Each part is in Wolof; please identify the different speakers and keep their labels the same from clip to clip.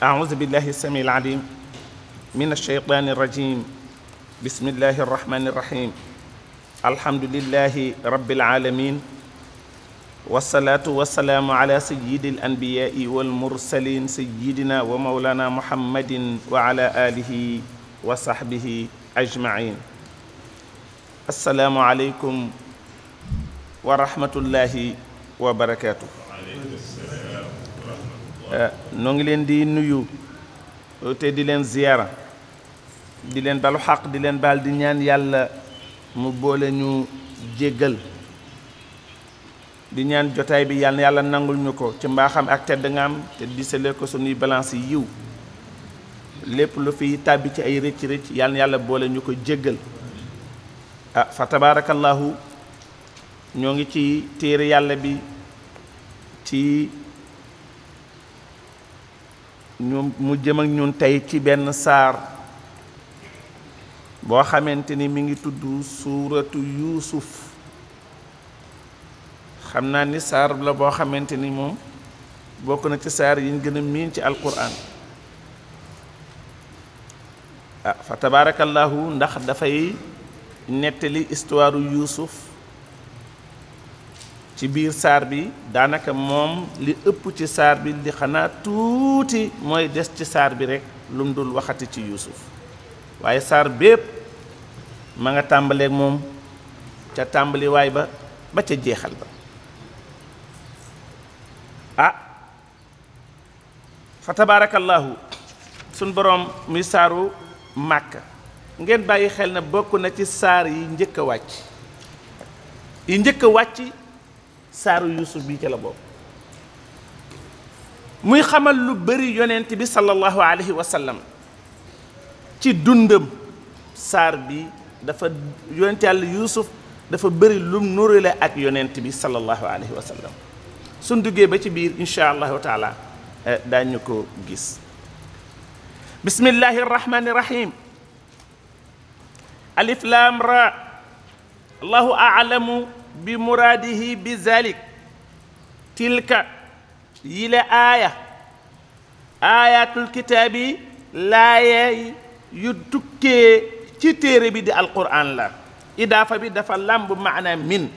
Speaker 1: أعوذ بالله السميع العليم من الشيطان الرجيم بسم الله الرحمن الرحيم الحمد لله رب العالمين والصلاة والسلام على سيد الأنبياء والمرسلين سيدنا ومولانا محمد وعلى آله وصحبه أجمعين السلام عليكم ورحمة الله وبركاته Eh, noo ngi leen di nuyu eh, te di leen ziyaara di leen balu xaq di leen baal di ñaan yàlla mu boole ñu jéggal di ñaan jotaay bi yàlla yàlla nangul ñu ko ci mbaaxam ak tedd nga am te disalee ko suñuy balance yi yiw lépp lu fiy tàbbi ci ay rëcc rëcc yàlla yàlla boole ñu ko jéggal ah fa tabaarakallaahu ñoo ngi ci téere yàlla bi ci ñu mu jëm ak ñun tey ci benn saar boo xamante ni mu ngi tudd suuratu yuusuf xam naa ni saar la boo xamante ni moom bokk na ci saar yiñ gën a miin ci alquran ah fa tabaarakallaahu ndax dafay nettali histoire yuusuf ci biir saar bi daanaka moom li ëpp ci saar bi li xanaa tuuti mooy des ci saar bi rekk lu mu dul waxati ci Yuusuf waaye saar bépp ma nga tàmbaleeg moom ca tàmbaliwaay ba ba ca jeexal ba ah fa tabaarakallaahu sun boroom muy saaru màkk ngeen bàyyi xel na bokk na ci saar yi njëkk a wàcc yi njëkk wàcc saaru yuusuf bi ci la bokk muy xamal lu bari yonent bi sallallahu alayhi wa ci dundam saar bi dafa yonent yàlla yuusuf dafa bëri lum nurule ak yonent bi sallallahu alayhi wa sallam suñ duggee ba ci biir insha allahu taala eh, daañu ko gis bismillahi rahmani rahim alif lam ra allahu bi muraadihi bi zalik tilka yile aaya aayatul kitaabi laayee yu tukkee ci téere bi di alquran la idaafa bi dafa lamb maana min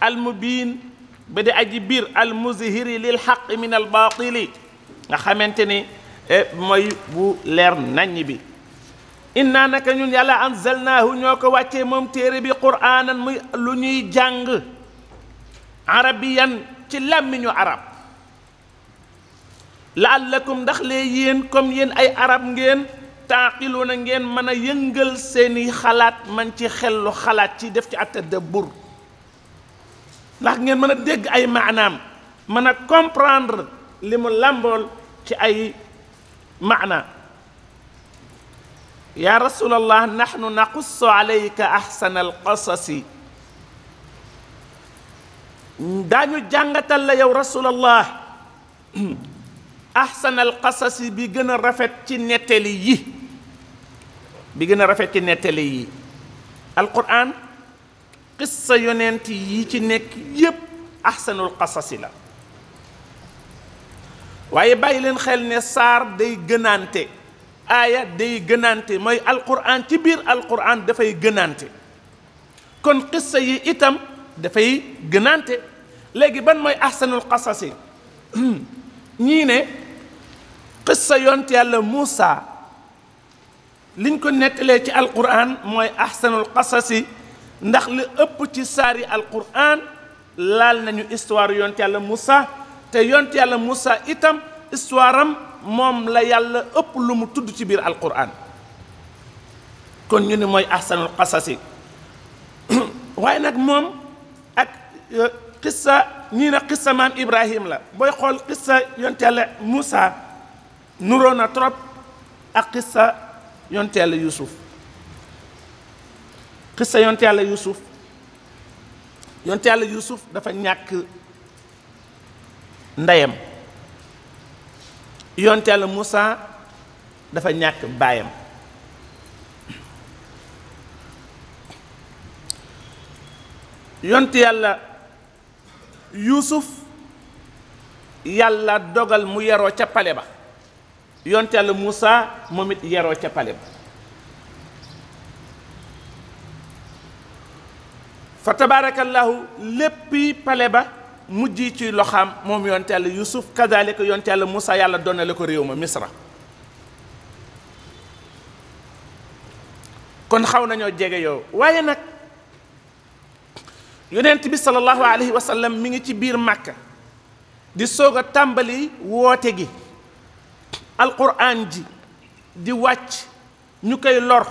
Speaker 1: almubiin ba di aji almuzhiri lil xaq min albaatili nga xamante ni eh, moy bu leer naññ bi inna naka ñun yàlla anzalnaahu ñoo ko wàccee moom téere bi quraanan muy lu ñuy jàng arabiyan ci làmmiñu arab laallakum ndax lee yéen comme yéen ay arab ngeen na ngeen mën a yëngal seeni xalaat man ci xellu xalaat ci def ci atadabbur ndax ngeen mën a dégg ay maanaam mën a comprendre li mu làmbool ci ay maana yaa rasulallah nahnu naqussu alayka ahsana alqasasi daañu jàngatal la yow rasulallah ahsana alqasasi bi gën a rafet ci nettali yi bi gën a rafet ci nettali yi alquran qissa yonent yi ci nekk yépp ahsanul qasasi la waaye bàyyi leen xel ne saar day gënaante aaya day gënante mooy alquran ci biir alquran dafay gënante kon qissa yi itam dafay gënante léegi ban mooy ahsanul qasasi ñii ne qissa yont yàlla Muusa liñ ko nettalee ci alquran mooy ahsanul qasasi ndax li ëpp ci saari alquran laal nañu histoire yont yàlla Muusa te yont yàlla Muusa itam histoire moom la yàlla ëpp lu mu tudd ci biir alkuraan kon ñu ne mooy ahsanul qasasi waaye nag moom ak xissa euh, ñii na xissa maam ibrahim la booy xool xissa yonteele Moussa nuroo na trop ak xissa yonteele Yuusuf xissa yonteele Yuusuf yonteele Yuusuf dafa ñàkk ndeyam yonte yàlla dafa ñàkk baayam yonte yàlla Yuusuf yàlla dogal mu yaroo ca pale ba yonte yàlla Moussa moom it yaroo ca pale ba fa tabaarakallaahu léppi pale ba mujj ci loxaam moom yonte yàlla Yuusuf kadalika yonte yàlla Moussa yàlla donnale ko réew ma Misra kon xaw nañoo jege yow waaye nag yonent bi sallallahu alayhi wa sallam ngi ci biir Màkka di soog a tàmbali woote gi alquran ji di wàcc ñu koy lor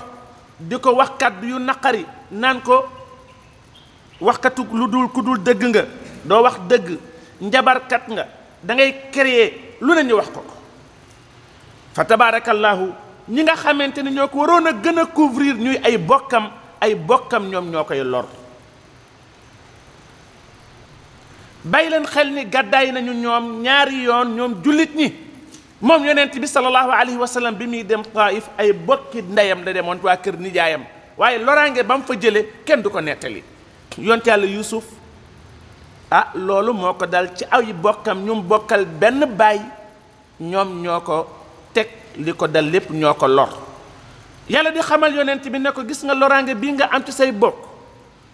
Speaker 1: di ko wax yu naqari naan ko waxkatu lu dul ku dul dëgg nga doo wax dëgg njabarkat nga dangay ngay lu ne ñu wax ko ko fa tabaarakallaahu ñi nga xamante ni ñoo ko waroon a gën a couvrir ñuy ay bokkam ay bokkam ñoom ñoo koy lor bàyyi leen xel ni gàddaay nañu ñoom ñaari yoon ñoom jullit ñi moom yonent bi sallallahu alayhi wa sallam bi muy dem Taif ay bokki ndeyam da demoon waa kër nijaayam waaye loraange ba mu fa jële kenn du ko nettali yonent yàlla Yuusuf ah loolu moo ko dal ci ay bokkam ñum bokkal benn baay ñoom ñoo ko teg li ko dal lépp ñoo ko lor yàlla di xamal yonent bi ne ko gis nga loraange bii nga am ci say bokk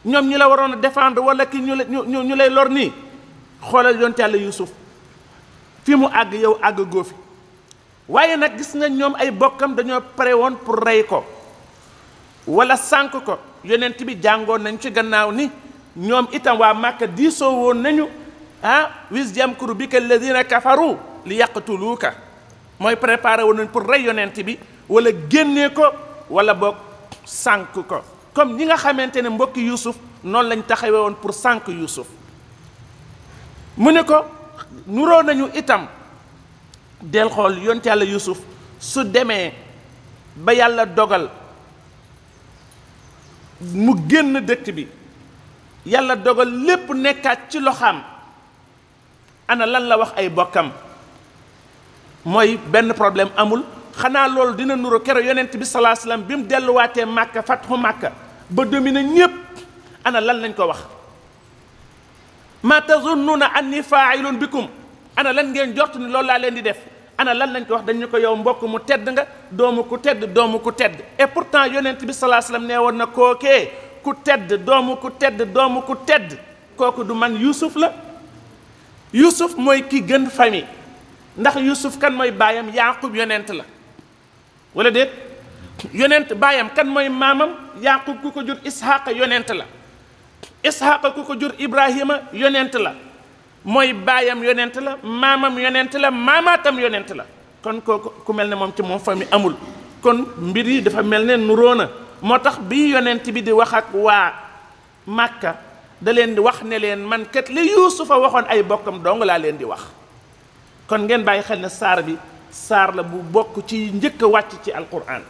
Speaker 1: ñoom ñi la waroon a défendre wala ki ñu ñu ñu lay lor nii xoolal yonent yàlla Yuusuf fi mu àgg yow àgg goo fi waaye nag gis nga ñoom ay bokkam dañoo pare woon pour rey ko wala sànk ko yonent bi jàngoon nañ ci gannaaw ni ñoom itam waa Màkka diisoo woon nañu ah wis yamkuru bika na kafaru li yaqtuluuka mooy préparé woon nañ pour rey yonent bi wala génnee ko wala bokk sànk ko comme ñi nga xamante ne mbokki Yuusuf noonu lañ taxawee woon pour sànk Yuusuf mu ne ko nuroo nañu itam del xool yonent yàlla Yuusuf su demee ba yàlla dogal mu génn dëkk bi yàlla dogal lépp nekkaat ci loxaam ana lan la wax ay bokkam mooy benn problème amul xanaa loolu dina nuru kero yonent bi salaa salaam bi mu delluwaatee màkka fatxu màkka ba domine ñépp ana lan lañ ko wax ma tazunnuna anni faailun bikum ana lan ngeen jort ni loolu laa leen di def ana lan lañ ko wax dañu ko yow mbokk mu tedd nga doomu ku tedd doomu ku tedd e pourtant yonent bi salaa salaam nee woon na kookee ku tedd doomu ku tedd doomu ku tedd kooku du man Yuusuf la Yuusuf mooy ki gën famille ndax Yuusuf kan mooy baayam Yaaqub yonent la wala déet yonent baayam kan mooy maamam Yaaqub ku ko jur Isxaaqa yonent la Isxaaqa ku ko jur Ibrahima yonent la mooy baayam yonent la maamam yonent la maamaatam yonent la kon kooku ku mel ni moom ci moom famille amul kon mbir yi dafa mel ne nuróo na moo tax bii yonent bi di wax ak waa màkka da leen di wax ne leen mankat kat li yuusufa waxoon ay bokkam dong laa leen di wax kon ngeen bàyyi xel ne saar bi saar la bu bokk ci njëkk wàcc ci alquran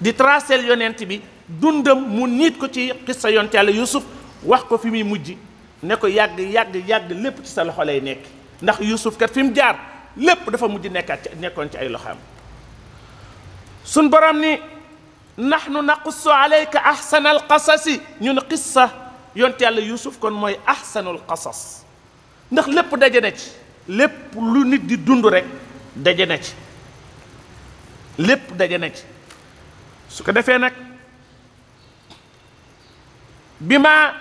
Speaker 1: di tracel yonent bi dundam mu niit ko ci xissa yonent yàlla yuusuf wax ko fi muy mujj ne ko yàgg yàgg yàgg lépp ci sa loxo lay nekk ndax yuusuf kat fi mu jaar lépp dafa mujj nekkaat ci nekkoon ci ay loxoom suñ borom ni nahnu naqussu alayka ahsanal qasasi ñun qissa yonte yàlla yusuf kon mooy ahsanul qasas ndax lépp daje na ci lépp lu nit di dund rek daje na ci lépp daje na ci su ko defee nag bima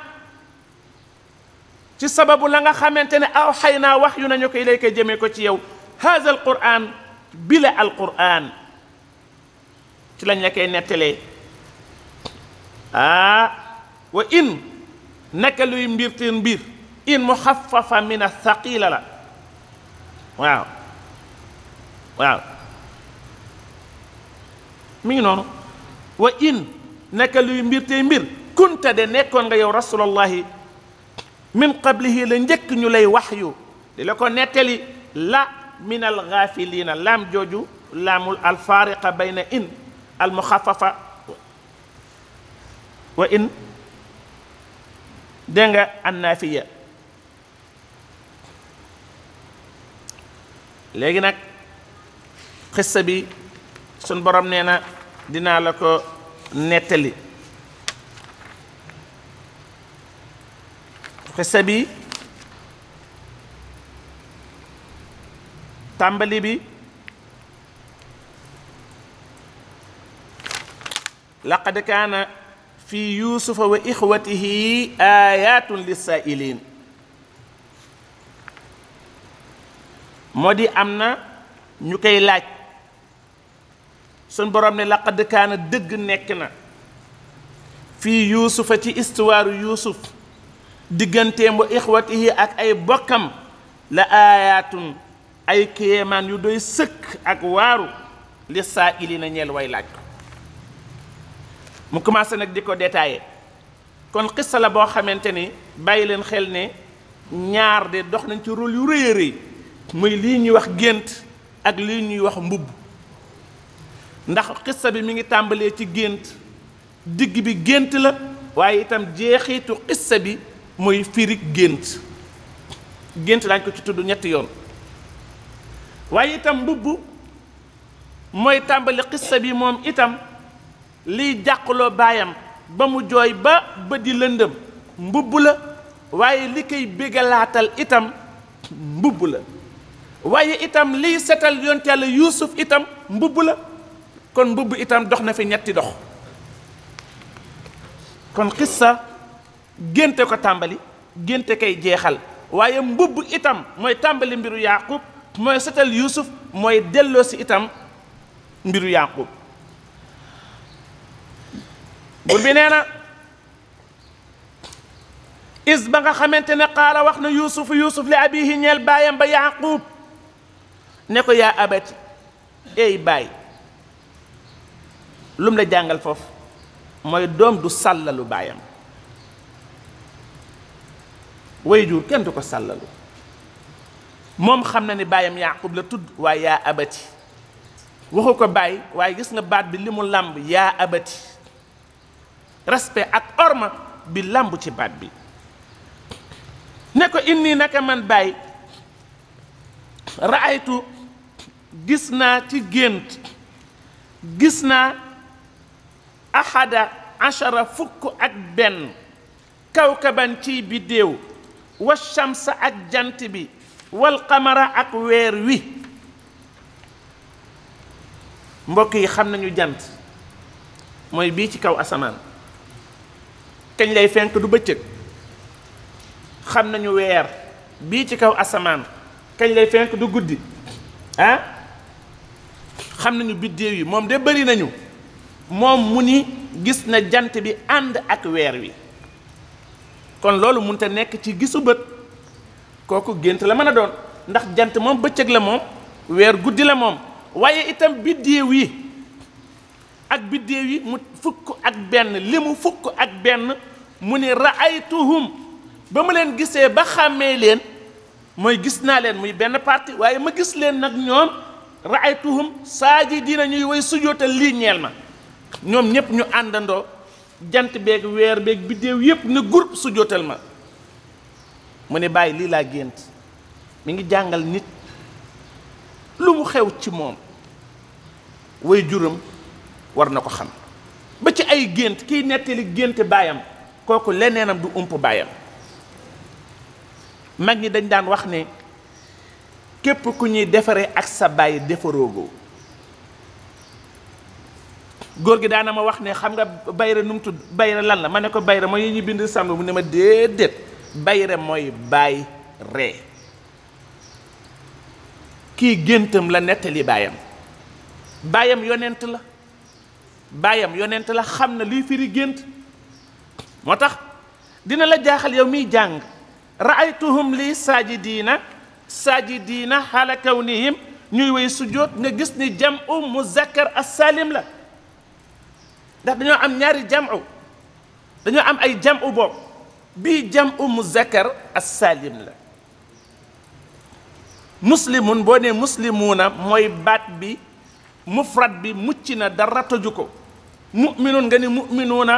Speaker 1: ci sababu la nga xamante ne aw xay naa wax yu nañu ko ilayka jëmee ko ci yow haazal quraan bile al quraan ci lañ la koy nettalee ah wa in naka mbir teen mbir in muxaffafa min athaqila la waaw waaw mi ngi noonu wa in naka luy mbir tey mbir kunta de nekkoon nga yow rasulallahi min qablihi la njëkk ñu lay wax yu di la ko nettali la min algaafilina laam jooju laamul alfaariqa bayna in al muxafafa wa in dégg nga léegi nag xissa bi sun borom nee na dinaa la ko nettali xissa bi tàmbali bi laqad kaana fi yusufa wa ixwatihi ayatun lissaa'iliin moo di am na ñu koy laaj suñ boroom ne laqad kaana dëgg nekk na fii yuusufa ci istuwaaru yuusuf digganteem wa ixwatihi ak ay bokkam la aayaatun ay kéemaan yu doy sëkk ak waaru lissaa'iliina ñeel way laaj mu commencé nag di ko détaillé kon xissa la boo xamante ni bàyyi leen xel ne ñaar de dox nañ ci rôle yu rëy rëy muy lii ñuy wax gént ak lii ñuy wax mbubb ndax xissa bi mi ngi tàmbalee ci gént digg bi gént la waaye itam jeexitu xissa bi muy firig gént gént daañu ko ci tudd ñetti yoon waaye itam mbubb mooy tàmbali xissa bi moom itam liy jàqaloo baayam ba mu jooy ba ba di lëndëm mbubb la waaye li koy bégalaatal itam mbubb la waaye itam liy setal yonte yàlla yuusuf itam mbubb la kon mbubb itam dox na fi ñetti dox kon xissa génte ko tàmbali génte koy jeexal waaye mbubb itam mooy tàmbali mbiru yaaqub mooy setal yuusuf mooy delloosi itam mbiru yaaqub bur bi nee na is ba nga xamante ne qaala wax na yuusuf yuusuf li abihi ñeel baayam ba yaaquub ne ko yaa abati ey baay lum la jàngal foofu mooy doom du sàllalu baayam way jur kenn du ko sàllalu moom xam na ne baayam yaaquub la tudd waaye yaa ko baay waaye gis nga baat bi li mu làmb yaa abati respect ak orma bi làmb ci baat bi ne ko indi naka man baay raaytu gis naa ci gént gis naa ahada achara fukk ak benn kaw kaban ciy biddéew wa shamsa ak jant bi wal qamara ak weer wi mbokk yi xam nañu jant mooy bii ci kaw asamaan kañ lay fenk du bëccëg xam nañu weer bii ci kaw asamaan kañ lay fenk du guddi ah xam nañu biddéew yi moom de bëri nañu moom mu ni gis na jant bi ànd ak weer wi kon loolu mun te nekk ci gisu bët kooku gént la mën a doon ndax jant moom bëccëg la moom weer guddi la moom waaye itam biddéew yi ak biddéew yi mu fukk ak benn li mu fukk ak benn mu ni raaytuhum ba ma leen gisee ba xàmmee leen mooy gis naa leen muy benn parti waaye ma gis leen nag ñoom raaytuhum dina ñuy way sujootal lii ñeel ma ñoom ñépp ñu àndandoo jant beeg weer beeg biddéew yépp ne groupe sujootal ma mu ne bàyyi lii laa gént mu ngi jàngal nit lu mu xew ci moom way juram war na ko xam ba ci ay gént kiy nettali gént baayam kooku leneenam du ump baayam mag ñi dañ daan wax ne képp ku ñuy defaree ak sa baay defaroogoo góor gi daana ma wax ne xam nga bayre nu mu tudd bayre lan la ma ne ko bayre mooy yi ñu bind sàmm mu ne ma déedéet bayre mooy baay ree kii géntam la nettali baayam baayam yonent la baayam yonent la xam na luy firi gént moo tax dina la jaaxal yow miy jàng raaytuhum li saajidiina saajidiina xaala kawnihim ñuy woy sujjóot nga gis ni jamu muzakkar as-saalim la ndax dañoo am ñaari jamu dañoo am ay jamu boob bii jamu muzakkar as-saalim la muslimun boo nee muslimuuna mooy baat bi mufrad bi mucc na dara toju ko mu'minun nga ni mu'minuuna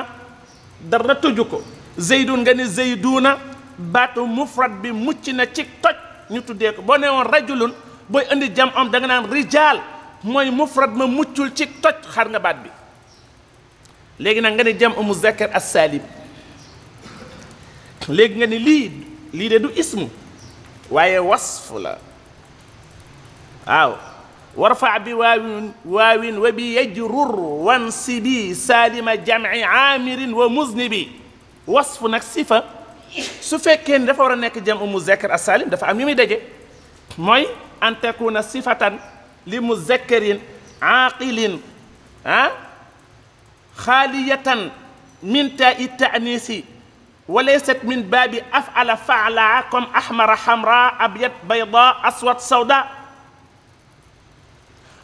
Speaker 1: dara tëju ko zeydun nga ni zeyduuna baatu mufrad bi mucc na ci toj ñu tuddee ko boo nee woon rajulun booy indi jam am danga nga naan rijaal mooy mufrad ma muccul ci toj xar nga baat bi léegi nag nga ne jam amu zakkar as saalim léegi nga ni lii lii de du ismu waaye wasf la waaw warfa bi waawin waawin wa bi yajrur wansibi saalima jamci aamirin wa muznibi wasfu nag sifa su fekkee ni dafa war a nekk jam u muzakkar asaalim dafa am yu muy daje mooy an takuna sifatan li muzakkarin aaqilin ah xaaliyatan min taa i taanisi walaysat min baabi afala faala comme ahmara xamra abyad bayda aswad sawda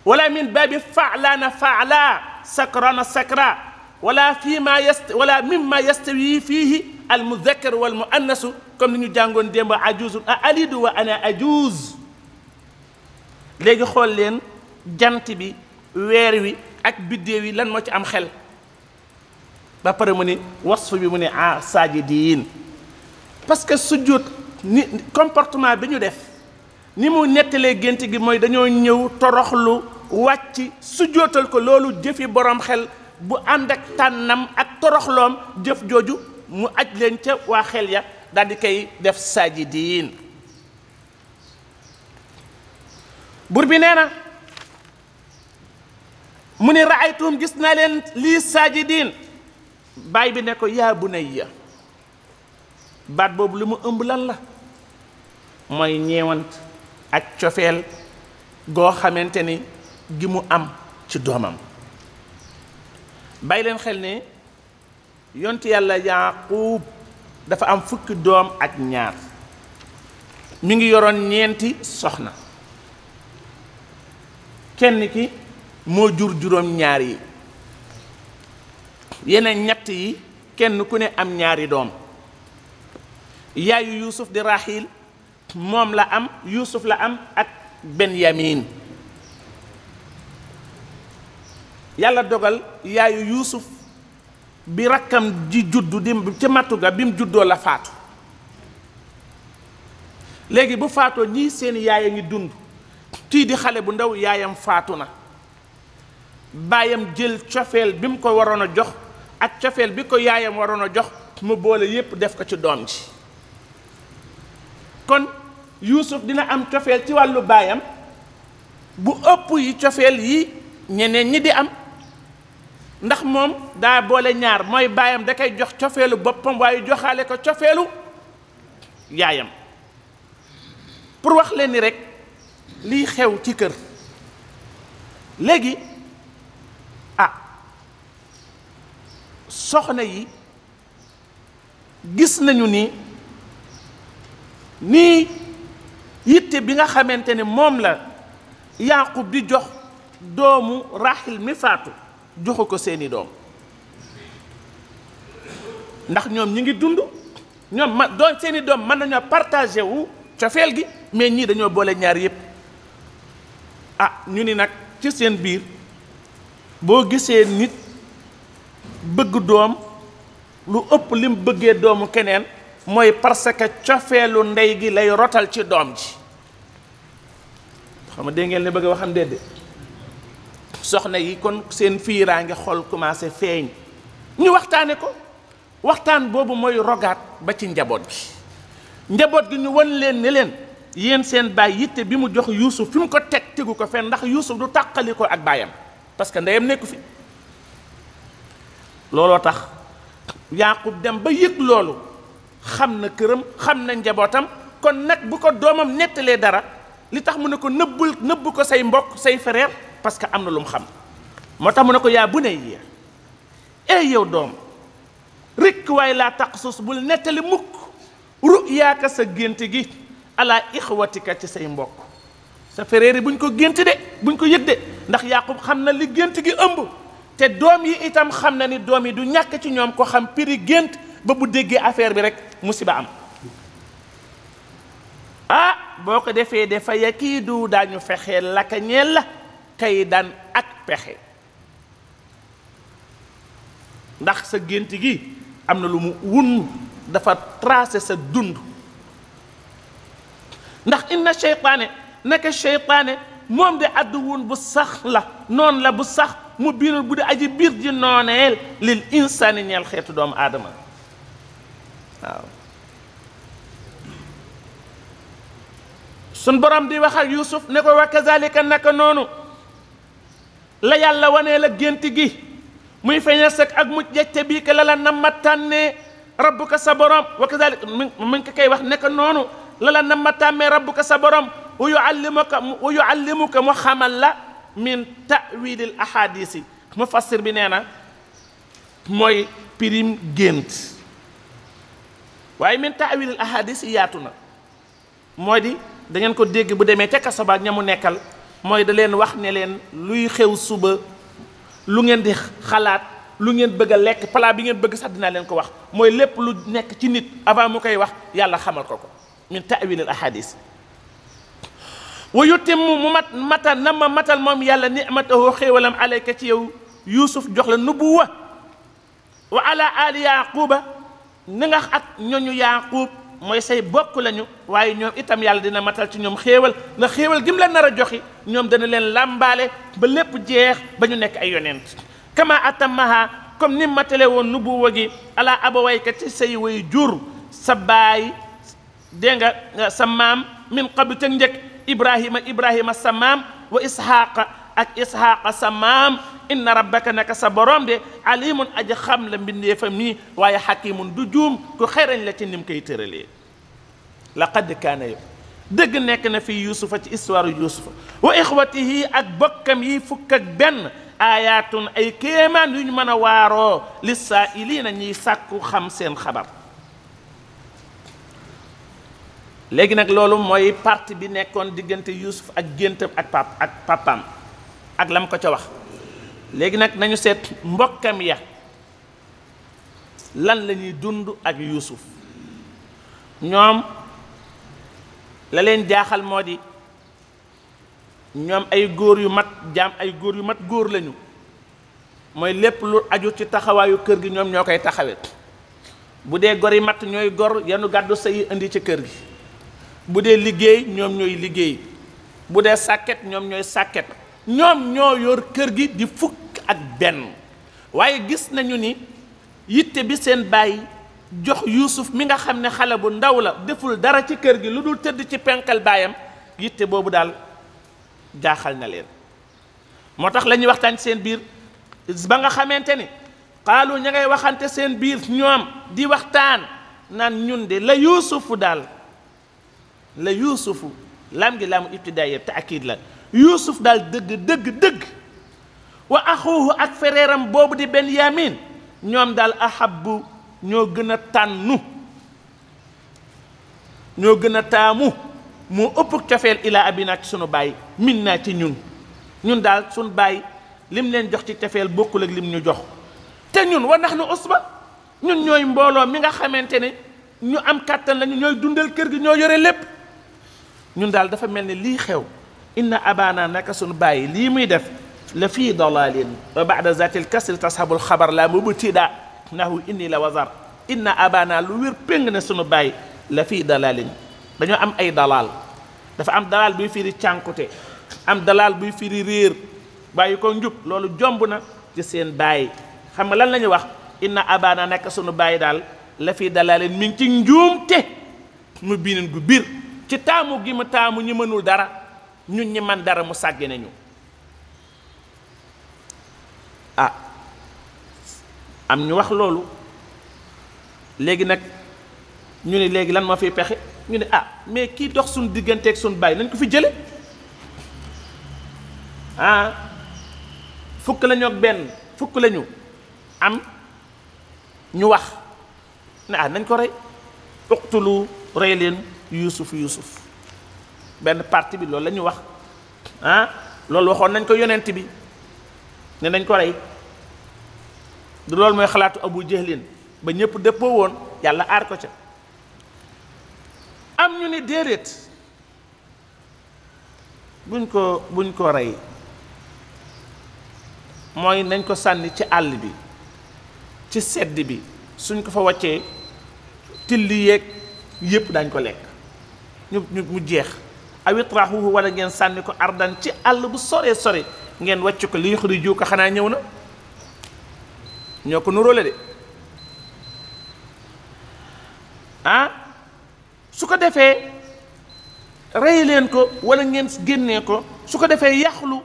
Speaker 1: ولا من باب فعلان فعلا سكران سكرا ولا فيما يست ولا مما يستوي فيه المذكر والمؤنث comme ni ñu jàngoon démb ajuuzu a alidu wa ana ajuuz léegi xool leen jant bi weer wi ak biddéew yi lan moo ci am xel ba pare mu ni wasf bi mu ne ah saajidiin parce que sujjóot ni comportement bi ñu def ni mu nettalee gént gi mooy dañoo ñëw toroxlu wàcc sujjootal ko loolu jëfi borom xel bu ànd ak tànnam ak toroxloom jëf jooju mu aj leen ca waa xel ya daldi di koy def saajidiin bur bi nee na mu ni raaytuhum gis naa leen lii saajidiin baay bi ne ko yaa ya baat boobu li mu ëmb lan la mooy ñeewant ak cofeel goo xamante ni gi mu am ci doomam bàyyi xel ne yontu yàlla yaquub dafa am fukki doom ak ñaar mi ngi yoroon ñeenti soxna kenn ki moo jur juróom ñaar yi yeneen ñett yi kenn ku ne am ñaari doom yaayu yuusuf di raxiil moom la am Yuusuf la am ak Benyamin yàlla dogal yaayu Yuusuf bi rakkam ji juddu di ci mattu ga bi mu juddoo la faatu léegi bu faatoo ñii seen yaay a ngi dund tii di xale bu ndaw yaayam faatu na baayam jël cofeel bi mu ko waroon a jox ak cofeel bi ko yaayam waroon a jox mu boole yépp def ko ci doom ji kon yuusuf dina am cofeel ci wàllu baayam bu ëpp yi cofeel yi ñeneen ñi di am ndax moom daa boole ñaar mooy baayam dakay jox cofeelu boppam waaye joxaale ko cofeelu yaayam pour wax leen ni rek liy xew ci kër léegi ah soxna yi gis nañu ni nii yitte bi nga xamante ne moom la yaqub di jox doomu raxil mi faatu joxu ko seeni doom ndax ñoom ñi ngi dund ñoom ma doon seeni doom mën nañoo partagé wu cofeel gi mais ñii dañoo boole ñaar yépp ah ñu ni nag ci seen biir boo gisee nit bëgg doom lu ëpp lim bëggee doomu keneen mooy parce que cofeelu ndey gi lay rotal ci doom ji xam nga dégg ngeen bëgg a waxam déedéet soxna yi kon seen fiiraa ngi xol commencé feeñ ñu waxtaane ko waxtaan boobu mooy rogaat ba ci njaboot gi njaboot gi ñu wan leen ne leen yéen seen baay yitte bi mu jox yuusuf fi mu ko teg tegu ko fenn ndax yuusuf du tàqali ko ak baayam parce que ndeyam nekku fi looloo tax yaaqub dem ba yëg loolu xam na këram xam na njabootam kon nag bu ko doomam nettalee dara li tax mu ne ko nëbbul nëbbu ko say mbokk say frère parce que am na lu mu xam moo tax mu ne ko yaa bu ne yéex ey yow doom rekk waaye laa taqsus bul nettali mukk yaaka sa gént gi ala ixwatika ci say mbokk sa frère yi buñ ko gént de buñ ko yëg de ndax yaqub xam na li gént gi ëmb te doom yi itam xam na ni doom yi du ñàkk ci ñoom ko xam piri gént ba bu déggee affaire bi rek musiba am ah boo ko defee defa yakiidu daañu fexe laka ñeel la kay daan ak pexe ndax sa gént gi am na lu mu wunn dafa tracé sa dund ndax inna seytaane naka seytaane moom de àddu wun bu sax la noonu la bu sax mu biirul bu di aji biir ji nooneel lil insaani ñeel xeetu doomu aadama waaw sun borom di wax ak Yuusuf ne ko wa kazalika noonu la yàlla wanee la gént gi muy feeñal sëg ak muj jecce bii que la la tànnee rabbuka sa borom wa kazalika mu ngi ko koy wax naka noonu la la nam ma tàmmee rabbuka sa borom wa yuallimuka wa yuallimuka mu xamal la min tawilil ahadisi mufassir bi nee na mooy pirim gént waaye min taawil ahadis yaatu na mooy di dangeen ko dégg bu demee ca kaso ba ña mu nekkal mooy da leen wax ne leen luy xew suba lu ngeen di xalaat lu ngeen bëgg a lekk plat bi ngeen bëgg sax dinaa leen ko wax mooy lépp lu nekk ci nit avant mu koy wax yàlla xamal ko ko min taawil al ahadis wa yutimmu mu mat matal na ma matal moom yàlla nimatahu xéewalam alayka ci yow yuusuf jox la nubuwa wa ala ali yaquba ni nga ak ñooñu Yaaqub mooy say bokk lañu waaye ñoom itam yàlla dina matal ci ñoom xéewal ndax xéewal gi mu la nar a joxi ñoom dana leen làmbaale ba lépp jeex ba ñu nekk ay yonent kama atamaha comme ni matale woon nubuwa gi ala abawayka ci say way jur sa baay dégg nga sa maam min qablu te njëkk ibrahima ibrahima sa maam wa ishaqa ak isxaaqa sa maam inna rabbaka naka sa borom de alimun aji xam la mbindeefam nii waaye xakimun du juum ku xerañ la ci nim koy tëralee laqad kaana yow dëgg nekk na fi yusufa ci histoire yusufa wa ixwatihi ak bokkam yi fukk ak benn ayatun ay kéemaan yu ñu mën a waaroo lissaa'iliina ñuy sàkku xam seen xabar léegi nag loolu mooy parti bi nekkoon diggante yusuf ak géntam ak pap ak papam ak lam ko ca wax léegi nag nañu seet mbokkam ya lan lañuy dund ak yuusuf ñoom la leen jaaxal moo di ñoom ay góor yu mat jaam ay góor yu mat góor lañu mooy lépp lu aju ci taxawaayu kër gi ñoom ñoo koy taxaweet bu dee gor mat ñooy gor yanu gàddu sa yi indi ci kër gi bu dee liggéey ñoom ñooy liggéey bu dee sàkket ñoom ñooy sàkket ñoom ñoo yor kër gi di fukk ak benn waaye gis nañu ni yitte bi seen bàyyi jox yuusuf mi nga xam ne xale bu ndaw la deful dara ci kër gi lu dul tëdd ci penkal baayam yitte boobu daal jaaxal na leen moo tax la ñuy waxtaan seen biir ba nga xamante ni xaalu ña ngay waxante seen biir ñoom di waxtaan naan ñun de la yuusufu daal la yuusufu lam gi laamu ibtidaaya ta'kiid la yuusuf daal dëgg dëgg dëgg wa axuuhu ak fereeram boobu di benyamin ñoom daal axab ahabu ñoo gën a tànnu ñoo gën a taamu moo ëpp cofeel ilaa abina ci sunu baay min naa ci ñun ñun daal sunu baay lim leen jox ci cofeel bokkul ak lim ñu jox te ñun wa ndax nu usba ñun ñooy mbooloo mi nga xamante ne ñu am kàttan lañu ñooy dundal kër gi ñoo yore lépp ñun daal dafa mel ni lii xew inna abana naka sunu bàyyi lii muy def la fii dalalin wa bada zatil kasri tashabul xabar la mubtida nahu inni la wazar inna abana lu wér péng ne sunu bàyyi la fii dalalin dañoo am ay dalal dafa am dalal buy firi cànkute am dalal buy firi réer bàyyi ko njub loolu jomb na ci seen bàyyi xam nga lan la ñuy wax inna abana nekk sunu bàyyi daal la fii dalalin mi ngi ci njuumte mu biinin gu biir ci taamu gi mu taamu ñi mënul dara ñun ñi man dara mu sàgge nañu a ah, am ñu wax loolu léegi nag ñu ne léegi lan moo fi pexe ñu ne ah mais kii dox suñ digganteek suñ bàyyi nañ ko fi jële ah fukk lañu ak benn fukk lañu am ñu wax ne ah nañ ko rey uqtulu rey leen yuusuf yuusuf benn parti bi loolu la wax ah loolu waxoon nañ ko yonent bi ne nañ ko rey du loolu mooy xalaatu abu jahlin ba ñëpp dëppoo woon yàlla aar ko ca am ñu ne déedéet buñ ko buñ ko rey mooy nañ ko sànni ci àll bi ci sedd bi suñ ko fa wàccee tilli yéeg yépp dañ ko lekk ñu mu jeex awitrahuhu wala ngeen sànni ko ardan ci àll bu sore sore ngeen wàcc ko li yuxriju ko xanaa ñëw na ñoo ko nuróole de ah su ko defee rey leen ko wala ngeen génnee ko su ko defee yaxlu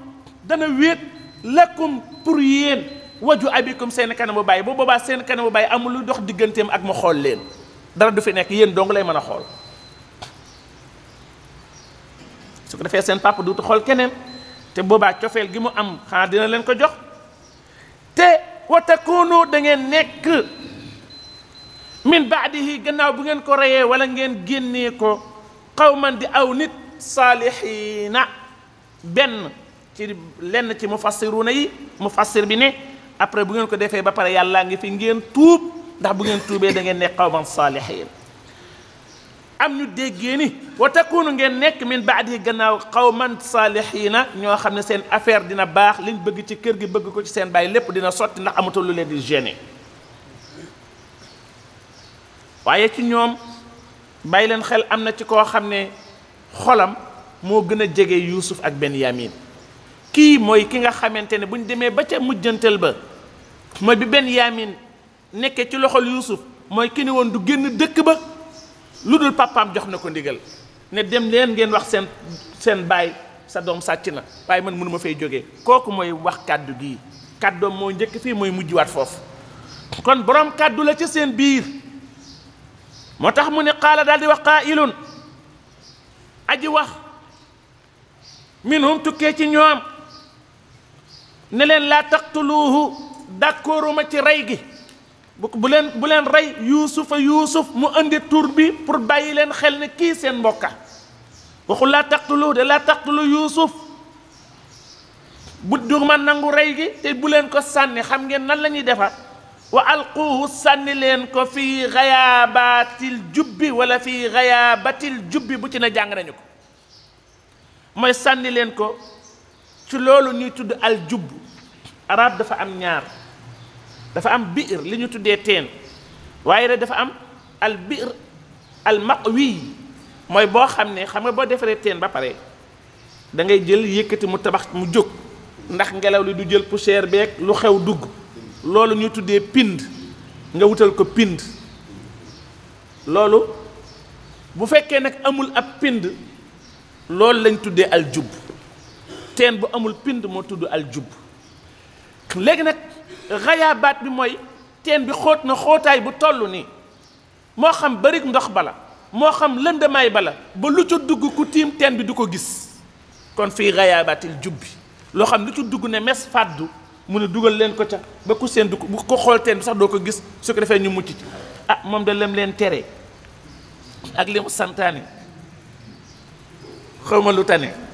Speaker 1: dana wéet lakum pour yéen waju abikum seen kanamu bàyyi boo boobaa seen kanamu bàyyi amul lu dox digganteem ak mu xool leen dara du fi nekk yéen dong lay mën a xool su defee seen papa duutu xool keneen te boobaa cofeel gi mu am xanaa dina leen ko jox te wa takunu da ngeen nekk min baadihi gannaaw bu ngeen ko reyee wala ngeen génnee ko xawman di aw nit saalihiina benn ci lenn ci mufassiruuna yi mufassir bi ne après bu ngeen ko defee ba pare yàllaa ngi fi ngeen tuub ndax bu ngeen tuubee da ngeen nekk xawman saalihiin am ñu déggee ni wa takunu ngeen nekk min baadi gannaaw xaw man qawman saalihiina ñoo xam ne seen affaire dina baax liñ bëgg ci kër gi bëgg ko ci seen bàyyi lépp dina sotti ndax amatul lu leen di gêner waaye ci ñoom bàyyi leen xel am na ci koo xam ne xolam moo gën a jege Yuusuf ak Benyamin kii mooy ki nga xamante ne bu ñu demee ba ca mujjanteel ba mooy bi Benyamin nekkee ci loxol Yuusuf mooy ki ni woon du génn dëkk ba lu dul papaam jox na ko ndigal ne dem leen ngeen wax seen seen baay sa doom sàcc na waaye man mënuma fay jóge kooku mooy wax kàddu gi kàddoom moo njëkk fii mooy mujj waat foofu kon boroom kàddu la ci seen biir moo tax mu ne xaala daal di wax qaa'ilun aji wax minhum tukkee ci ñoom ne leen laa tax taqtuluuhu d'accorduma ci rey gi bu bu leen bu leen rey yuusufa yuusuf mu indi tur bi pour bàyyi leen xel ne kii seen mbokka waxul laa taqtulu de laa taqtulu yuusuf bu duma nangu rey gi te bu leen ko sànni xam ngeen nan la ñuy defar wa alquhu sànni leen ko fii xayaabatil jubbi wala fii xayaabatil jubbi bu ci ne jàng nañu ko mooy sànni leen ko ci loolu ñuy tudd al jubb arab dafa am ñaar dafa am biir li ñu tuddee teen waaye nag dafa am al biir al maqwi mooy boo xam ne xam nga boo defaree teen ba pare da ngay jël yëkkati mu tabax mu jóg ndax ngelaw li du jël poussière beeg lu xew dugg loolu ñu tuddee pind nga wutal ko pind loolu bu fekkee nag amul ab pind loolu lañ tuddee al jub teen bu amul pind moo tudd al jub léegi nag xayaabaat bi mooy teen bi xoot na xootaay bu toll nii moo xam bërig ndox bala moo xam lëndamaay bala ba lu ca dugg ku tiim teen bi du ko gis kon fii xayaabaatil bi loo xam lu ca dugg ne mes fàddu mu ne dugal leen ko ca ba ku seen du ko bu ko xool teen bi sax doo ko gis su ko defee ñu mucc ci ah moom da lem leen tere ak li mu santaane xaw ma lu tane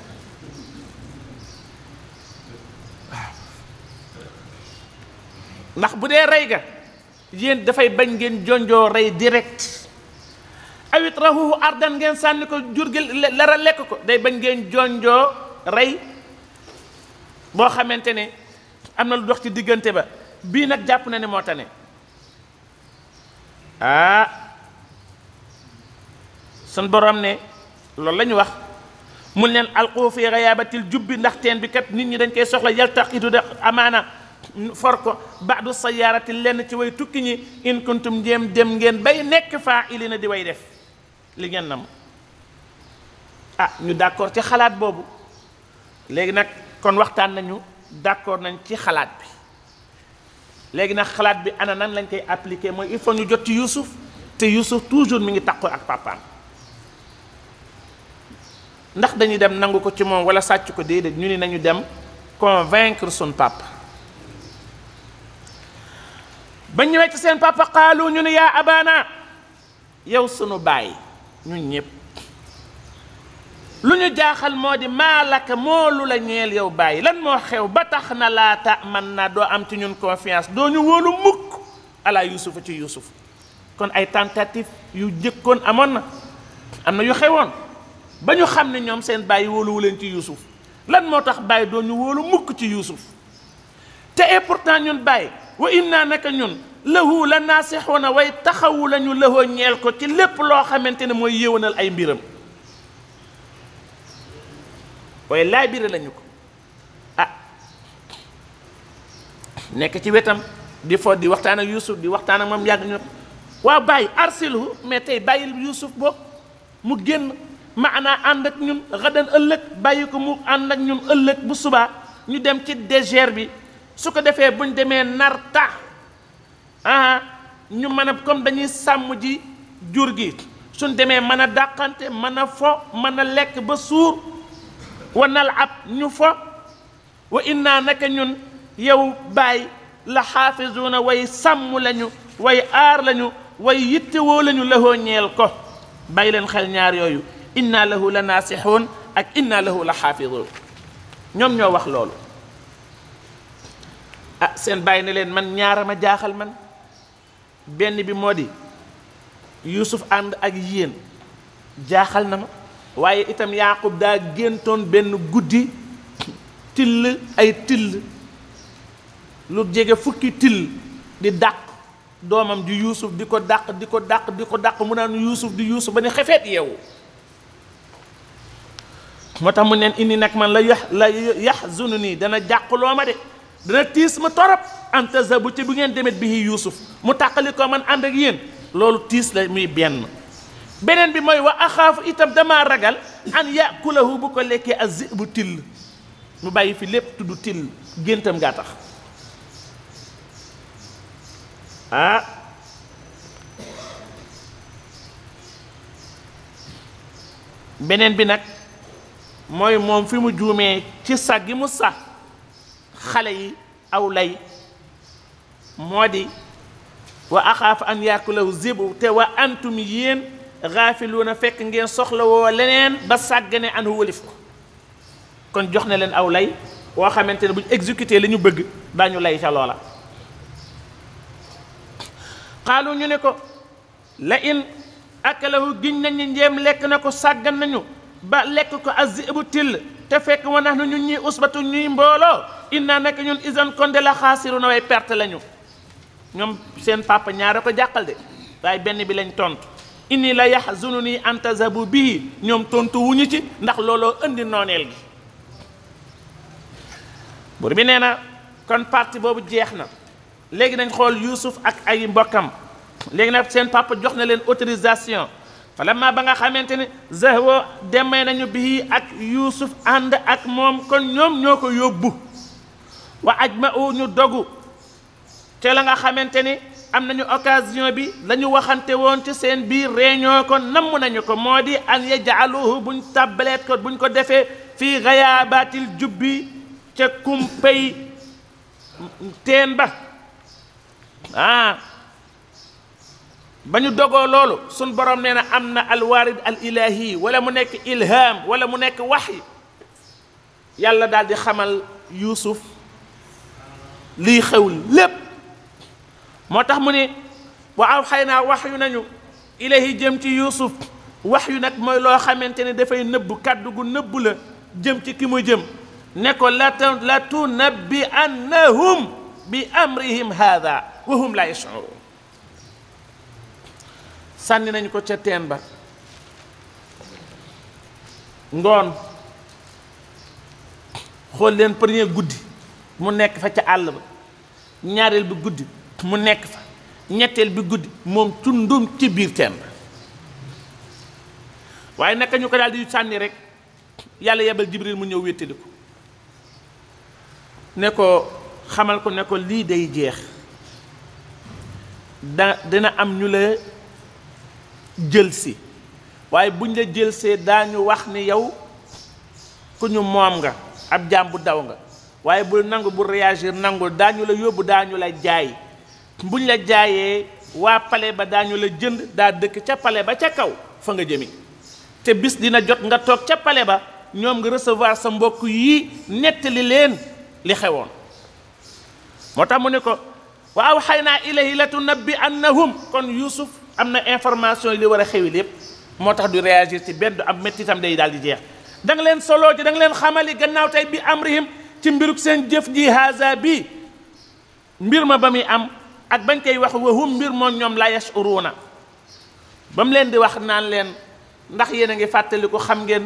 Speaker 1: ndax bu dee rey ga yéen dafay bañ ngeen jonjoo rey direct awit rahuhu ardan ngeen sànni ko jur gi lara lekk ko dey bañ ngeen jonjoo rey boo xamante ne am na lu dox ci diggante ba bii nag jàpp na ne moo tane ah sun borom ne loolu la wax mun leen alqu fi ghayabatil jubbi ndax teen bi kat nit ñi dañ koy soxla yaltaqitu de amaana for ko baadu sayaarati lenn ci way tukki ñi in kuntum jéem dem ngeen bay nekk faa ili di way def li ngeen nam ah ñu d'accord ci xalaat boobu léegi nag kon waxtaan nañu d'accord nañ ci xalaat bi léegi nag xalaat bi ana nan lañ koy appliquer mooy il faut ñu jot ci Youssouf te Youssouf toujours mi ngi takkoo ak papaam ndax dañuy dem nangu ko ci moom wala sàcc ko déedéet ñu ni nañu dem convaincre sun papa ba ñëwee ci seen papa ñu ne yaa abana yow sunu baay ñun ñëpp lu ñu jaaxal moo di maalaka moolu la ñeel yow bàyyi lan moo xew ba tax na laata man naa doo am ci ñun confiance doo ñu wóolu mukk ala yuusufa ci yuusuf kon ay tentative yu jëkkoon amoon na am na yu xewoon ba ñu xam ne ñoom seen bàyyi wóoluwu leen ci yuusuf lan moo tax bàyyi doo ñu wóolu mukk ci yuusuf te important ñun bàyyi wa inna naka ñun lahu la naasixuuna way taxawu la ñu lahoo ñeel ko ci lépp loo xamante ne mooy yéwanal ay mbiram way laay lañu ko ah nekk ci wetam di fo di waxtaan ak Yuusuf di waxtaan ak moom yàgg ñu waaw bàyyi arsilhu mais tey bàyyil Yuusuf boobu mu génn maanaa ànd ak ñun xadan ëllëg bàyyi ko mu ànd ak ñun ëllëg bu subaa ñu dem ci désert bi su ko defee buñ demee narta ah ñu mën a comme dañuy sàmm ji jur gi suñ demee mën a dàqante mën fo mën a lekk ba suur wa nal ab ñu fo wa naa naka ñun yow baay la xaafizuuna way sàmm lañu way aar lañu way yittewoo lañu lahoo ñeel ko bàyyi leen xel ñaar yooyu inna lahu la naasixuun ak inna lahu la xaafizuun ñoom ñoo wax loolu a ah, seen bàyyi ne leen man ñaara ma jaaxal man benn bi moo di Yuusuf ànd ak yéen jaaxal na ma waaye itam Yaaqub daa géntoon benn guddi till ay till lu jege fukki till di dàq doomam ju yuusuf di ko dàq di ko dàq di ko dàq mu naan yuusuf di yuusuf ba ne xefeet yeewu moo tax mu neen indi nag man la yax la yaxzunu nii dana jàqloo ma de dana tiis ma torop an tazabu ci bu ngeen demet bi hi yuusuf mu tàqali ko man ànd ak yéen loolu tiis la muy benn beneen bi mooy wa axaafu itam dama ragal an yakulahu bu ko lekkee ak bu till mu bàyyi fi lépp tudd till géntam ngaa tax ah beneen bi nag mooy moom fi mu juumee ci sag gi mu sax xale yi aw lay moo di wa axaafu an yaakulahu zibu te wa antum yéen a fekk ngeen soxla woo leneen ba sàggane an wëlif ko kon jox na leen aw lay woo xamante ne bu ñu exécuté li ñu bëgg daañu lay ca loola xaalu ñu ne ko la in akalahu giñ nañu njéem lekk na ko sàggan nañu ba lekk ko azibu till te fekk wanax na ñu ñuy usbatu ñuy mbooloo inna nekk ñun isan konde la xaasiru na way perte lañu ñoom seen papa ñaare ko jàqal de waaye benn bi lañ tontu indi la yahzununi an tazhabu bihi ñoom tontu wuñu ci ndax looloo indi nooneel gi buur bi nee na kon parti boobu jeex na léegi nañ xool Yuusuf ak ay mbokkam léegi nag seen papa jox na leen autorisation falamma ba nga xamante ni zahwa demee nañu bihi ak Yuusuf ànd ak moom kon ñoom ñoo ko yóbbu wa ajmau ñu dogu te la nga xamante ni am nañu occasion bi lañu waxante woon ci seen biir réunion ko namm nañu ko moo di an yajaaluhu buñ tàbbaleet ko buñ ko defee fii gayaabatil jubbi ca kumpay teen ba ah ba ñu dogoo loolu suñ borom nee na am na alwaarid al ilahi wala mu nekk ilham wala mu nekk waxyi yàlla daal di xamal yuusuf lii xew lépp moo tax mu ne wa aw xay naa wax yu nañu ilayhi jëm ci yuusuf wax yu nag mooy loo xamante ni dafay nëbb kàddu gu nëbb la jëm ci ki mu jëm ne ko lata la tunabbi annahum bi amrihim haada wa hum la yash'urun sànni nañu ko ca teen ngoon xool leen premier guddi mu nekk fa ca àll ba ñaareel bi guddi mu nekk fa ñetteel bi guddi moom tundum ci biir teen waaye naka ñu ko daal di sànni rek yàlla yebal jibril mu ñëw wéttali ko ne ko xamal ko ne ko lii day jeex da dina am ñu la jël si waaye buñ la jëlsee daañu wax ni yow ku ñu moom nga ab jaam bu daw nga waaye bu nangu bu réagir nangul daañu la yóbbu daañu la jaay buñ la jaayee waa pale ba daañu la jënd daa dëkk ca pale ba ca kaw fa nga jëmi te bis dina jot nga toog ca pale ba ñoom nga recevoir sa mbokk yi nettali leen li xewoon moo tax mu ne ko naa wa awxaynaa ilayhi la tunabbi annahum kon Yuusuf am na information yi li war a xewi lépp moo tax du réyagir ci benn am méttitam day daal di jeex da leen soloo ji da leen xamali gannaaw tey bi amrihim ci mbirug seen jëf ji haasa bi mbir ma ba muy am ak bañ koy wax wahum mbir moom ñoom la yashuruuna ba mu leen di wax naan leen ndax yéen a ngi fàttaliku xam ngeen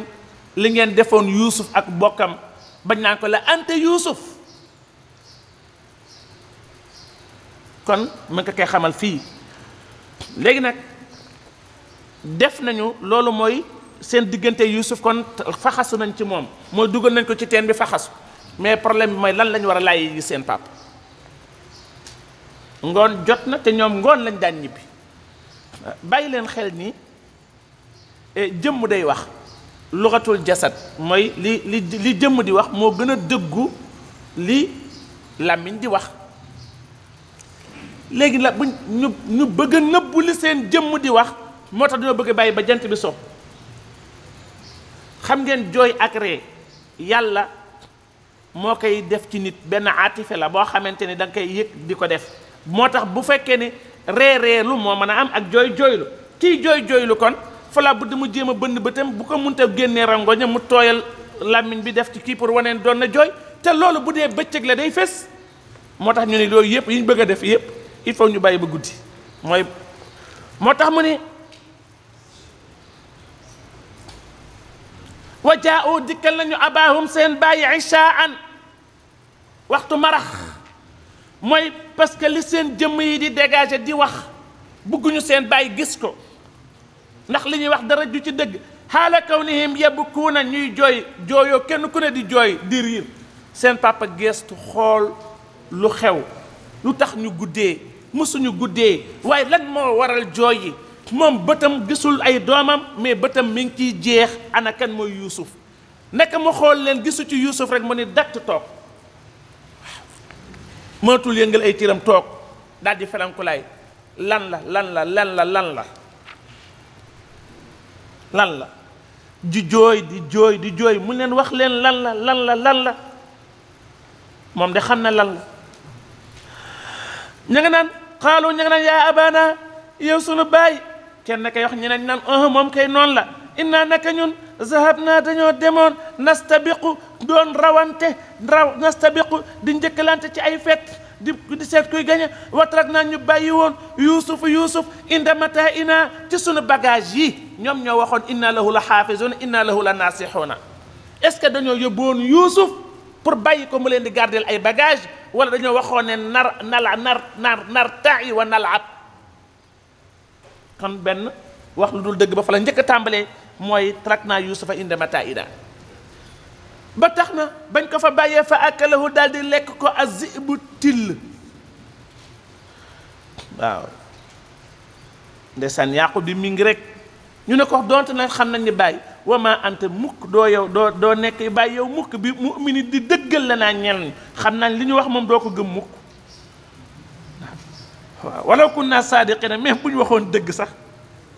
Speaker 1: li ngeen defoon yuusuf ak bokkam bañ naa ko la ante yuusuf kon mën nga koy xamal fii léegi nag def nañu loolu mooy seen diggante yuusuf kon faxasu nañ ci moom mooy dugal nañ ko ci teen bi faxasu mais problème bi mooy lan lañ war a laaj yi seen papa ngoon jot na te ñoom ngoon lañ daan ñibbi bàyyi leen xel ni eh, jëmm day wax luxatul jasad mooy li li li jëmm di wax moo gën a dëggu li làmmiñ di wax léegi la bu ñu ñu bëgg nëbbu li seen jëmm di wax moo tax dañoo bëgg a bàyyi ba jant bi so xam ngeen jooy ak ree yàlla moo koy def ci nit benn aatife la boo xamante ni danga koy yëg di ko def moo tax bu fekkee ne reereelu moo mën a am ak jooy jooylu kii jooy jooylu kon fala bu di mu jéem a bënn bëtam bu ko munta génnee rangoña mu tooyal làmmiñ bi def ci kii pour waneen doon na jooy te loolu bu dee bëccëg la day fes moo tax ñu ne loolu yëpp yi ñu bëgg a def yëpp il faut ñu bàyyi ba guddi mooy moo tax mu ne wa jaau dikkal nañu abaahum seen bàyyi ishaan waxtu marax mooy parce que li seen jëmm yi di dégager di wax bëgguñu seen bàyyi gis ko ndax li ñuy wax dara ju ci dëgg xaala kawnihim yabkuuna ñuy jooy jooyoo kenn ku ne di jooy di riir seen papa geestu xool lu xew lu tax ñu guddee mësuñu guddee waaye lan moo waral jooy yi moom bëtam gisul ay doomam mais bëtam mi ngi ciy jeex ana kan mooy yuusuf nekk mu xool leen gisul ci yuusuf rek mu ni datt toog mënatul yëngal ay tiram toog daal di felankulaay lan la lan la lan la lan la lan la di jooy di jooy di jooy mu leen wax leen lan la lan la lan la moom de xam na lan la ña nga naan xaalu ña naan yaa abana yow sunu baay kenn kay wax ñeneen naan ah moom kay noonu la inna naka ñun zahab naa dañoo demoon nastabiqu doon rawante raw nastabiqu di njëkkalante ci ay fet di di seet kuy gañe watrak naa ñu bàyyi woon yuusufu yuusuf inda mata ina ci sunu bagage yi ñoom ñoo waxoon inna lahu la xaafisuuna inna lahu la naasixuuna est ce que dañoo yóbboon yuusuf pour bàyyi ko mu leen di gardeel ay bagage wala dañoo waxoon ne nar nala nar nar nar ta'i wa at xam benn wax lu dul dëgg ba fa la njëkk a tàmbalee mooy trak naa yusufa inde mata ida ba tax na bañ ko fa bàyyee fa akalahu daal di lekk ko azibu till waaw ndeysaan yàqu bi mi ngi rek ñu ne ko donte nag xam nañ ni bàyyi wama ante mukk doo yow doo doo nekk bàyyi yow mukk bi mu mini di dëggal la naa ñel xam nañ li ñu wax moom doo ko gëm mukk waaw walaw kunna na même bu ñu waxoon dëgg sax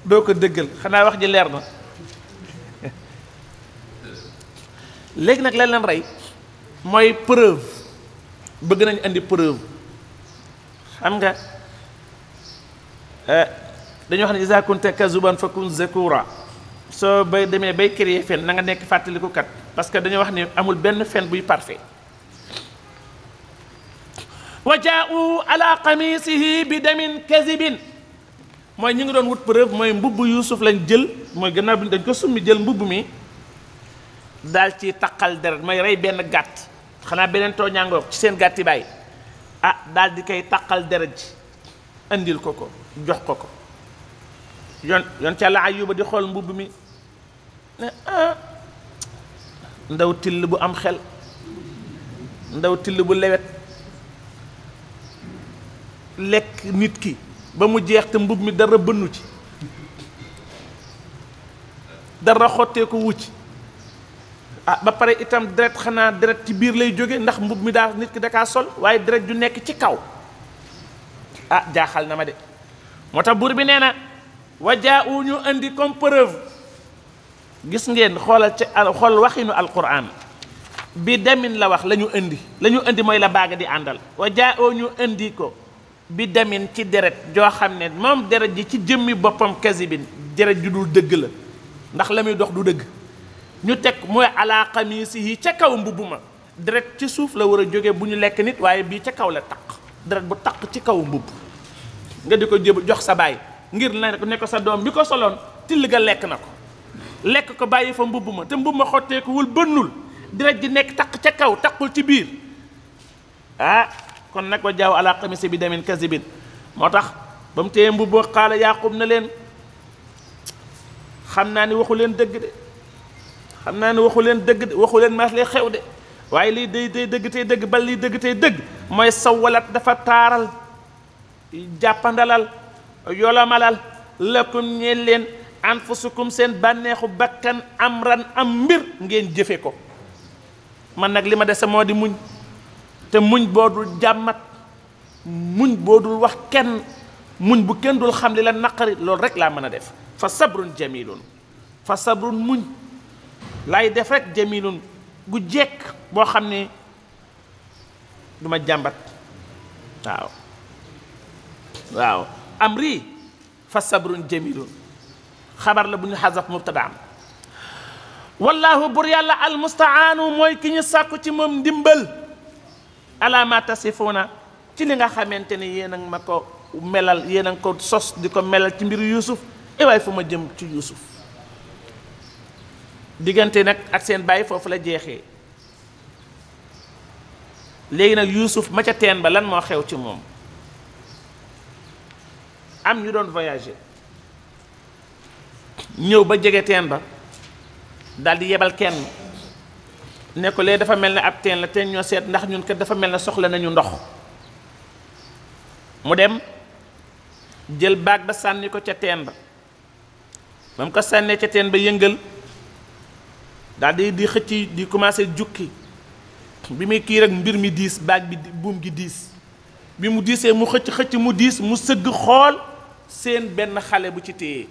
Speaker 1: doo ko dëggal xanaa wax ji leer na léegi nag lan leen rey mooy preuve bëgg nañu indi preuve xam nga eh, dañoo xam ne isa kunta kazuban fa kun zakura soo bay demee bay créer fen na nga nekk fàttaliku kat parce que dañoo wax ne amul benn fen buy parfait wa jaau ala bi damin kazibin mooy ñu ngi doon wut preuve mooy mbubb Yuusuf lañ jël mooy gannaaw bi dañ ko summi jël mbubb mi dal ci taqal deret mooy rey benn gàtt xanaa beneen tooñaangoog ci seen gàtti bàyyi ah daal di koy taqal deret ji indil ko ko jox ko ko yoon yoon ca la Ayuba di xool mbubb mi ah, ndaw till bu am xel ndaw till bu lewet lekk nit ki ba mu jeex te mbub mi dara bënnu ci dara xottee ci wucc ah, ba pare itam deret xanaa deret ci biir lay jóge ndax mbub mi daa nit ki dakaa sol waaye deret ju nekk ci kaw ah jaaxal na ma de moo tax buur bi nee na wajaa u ñu indi comme preuve gis ngeen xoolal ci xool waxinu alquran bi demin la wax lañu indi la ñu indi mooy la baaga di àndal wajaa u ñu indi ko bi demin ci deret joo xam ne moom deret ji ci jëmmi boppam kasibin deret ju dul dëgg la ndax la muy dox du dëgg ñu teg mooy alaa xamiisi yi ca kaw mbubb ma deret ci suuf la war a jóge bu ñu lekk nit waaye bii ca kaw la taq deret bu taq ci kaw mbubb nga di ko jëb jox sa baay ngir na ne ko sa doom bi ko soloon till ga lekk na ko lekk ko bàyyi fa mbubb ma te mbubb ma xotteekuwul bënnul deret ji nekk taq ca kaw taqul ci biir ah kon nag wa jaaw ala xamisi bi demin kasibin moo tax ba mu téye mbubboo xaala yaqub na leen xam naa ni waxu leen dëgg de xam naa ni waxu leen dëgg de waxu leen ma lay xew de waaye lii day day dëgg tey dëgg bal lii dëgg tey dëgg mooy sawalat dafa taaral jàppandalal yolomalal lakum ñeen leen anfusukum seen bànneexu bakkan amran am mbir ngeen jëfe ko man nag li ma dese moo di muñ te muñ boo dul jàmmat muñ boo dul wax kenn muñ bu kenn dul xam li la naqari loolu rek laa mën a def fa sabrun jamilun fa sabrun muñ laay def rek jamilun gu jekk boo xam ne duma jàmbat waaw waaw am rii fa sabrun jamilun xabar la bu ñu xasaf mubtadaam wallaahu bur yàlla almustaanu mooy ki ñu sàkku ci moom ndimbal ala ma na ci li nga xamante ni yéen a ko melal yéen a ko sos di ko melal ci mbiru Yuusuf ewaay eh fu ma jëm ci Yuusuf diggante nag ak seen bàyyi foofu la jeexee léegi nag Yuusuf ma ca teen ba lan moo xew ci moom am ñu doon voyager ñëw ba jege teen ba daldi yebal kenn ne ko lee dafa mel ne ab teen la teen ñoo seet ndax ñun kat dafa mel ne soxla nañu ndox mu dem jël baag ba sànni ko ca teen ba ba mu ko sànnee ca teen ba yëngal daal di xëcc di commencé jukki bi muy kii rek mbir mi diis baag bi buum gi diis bi mu diisee mu xëcc xëcc mu diis mu sëgg xool seen benn xale bu ci téye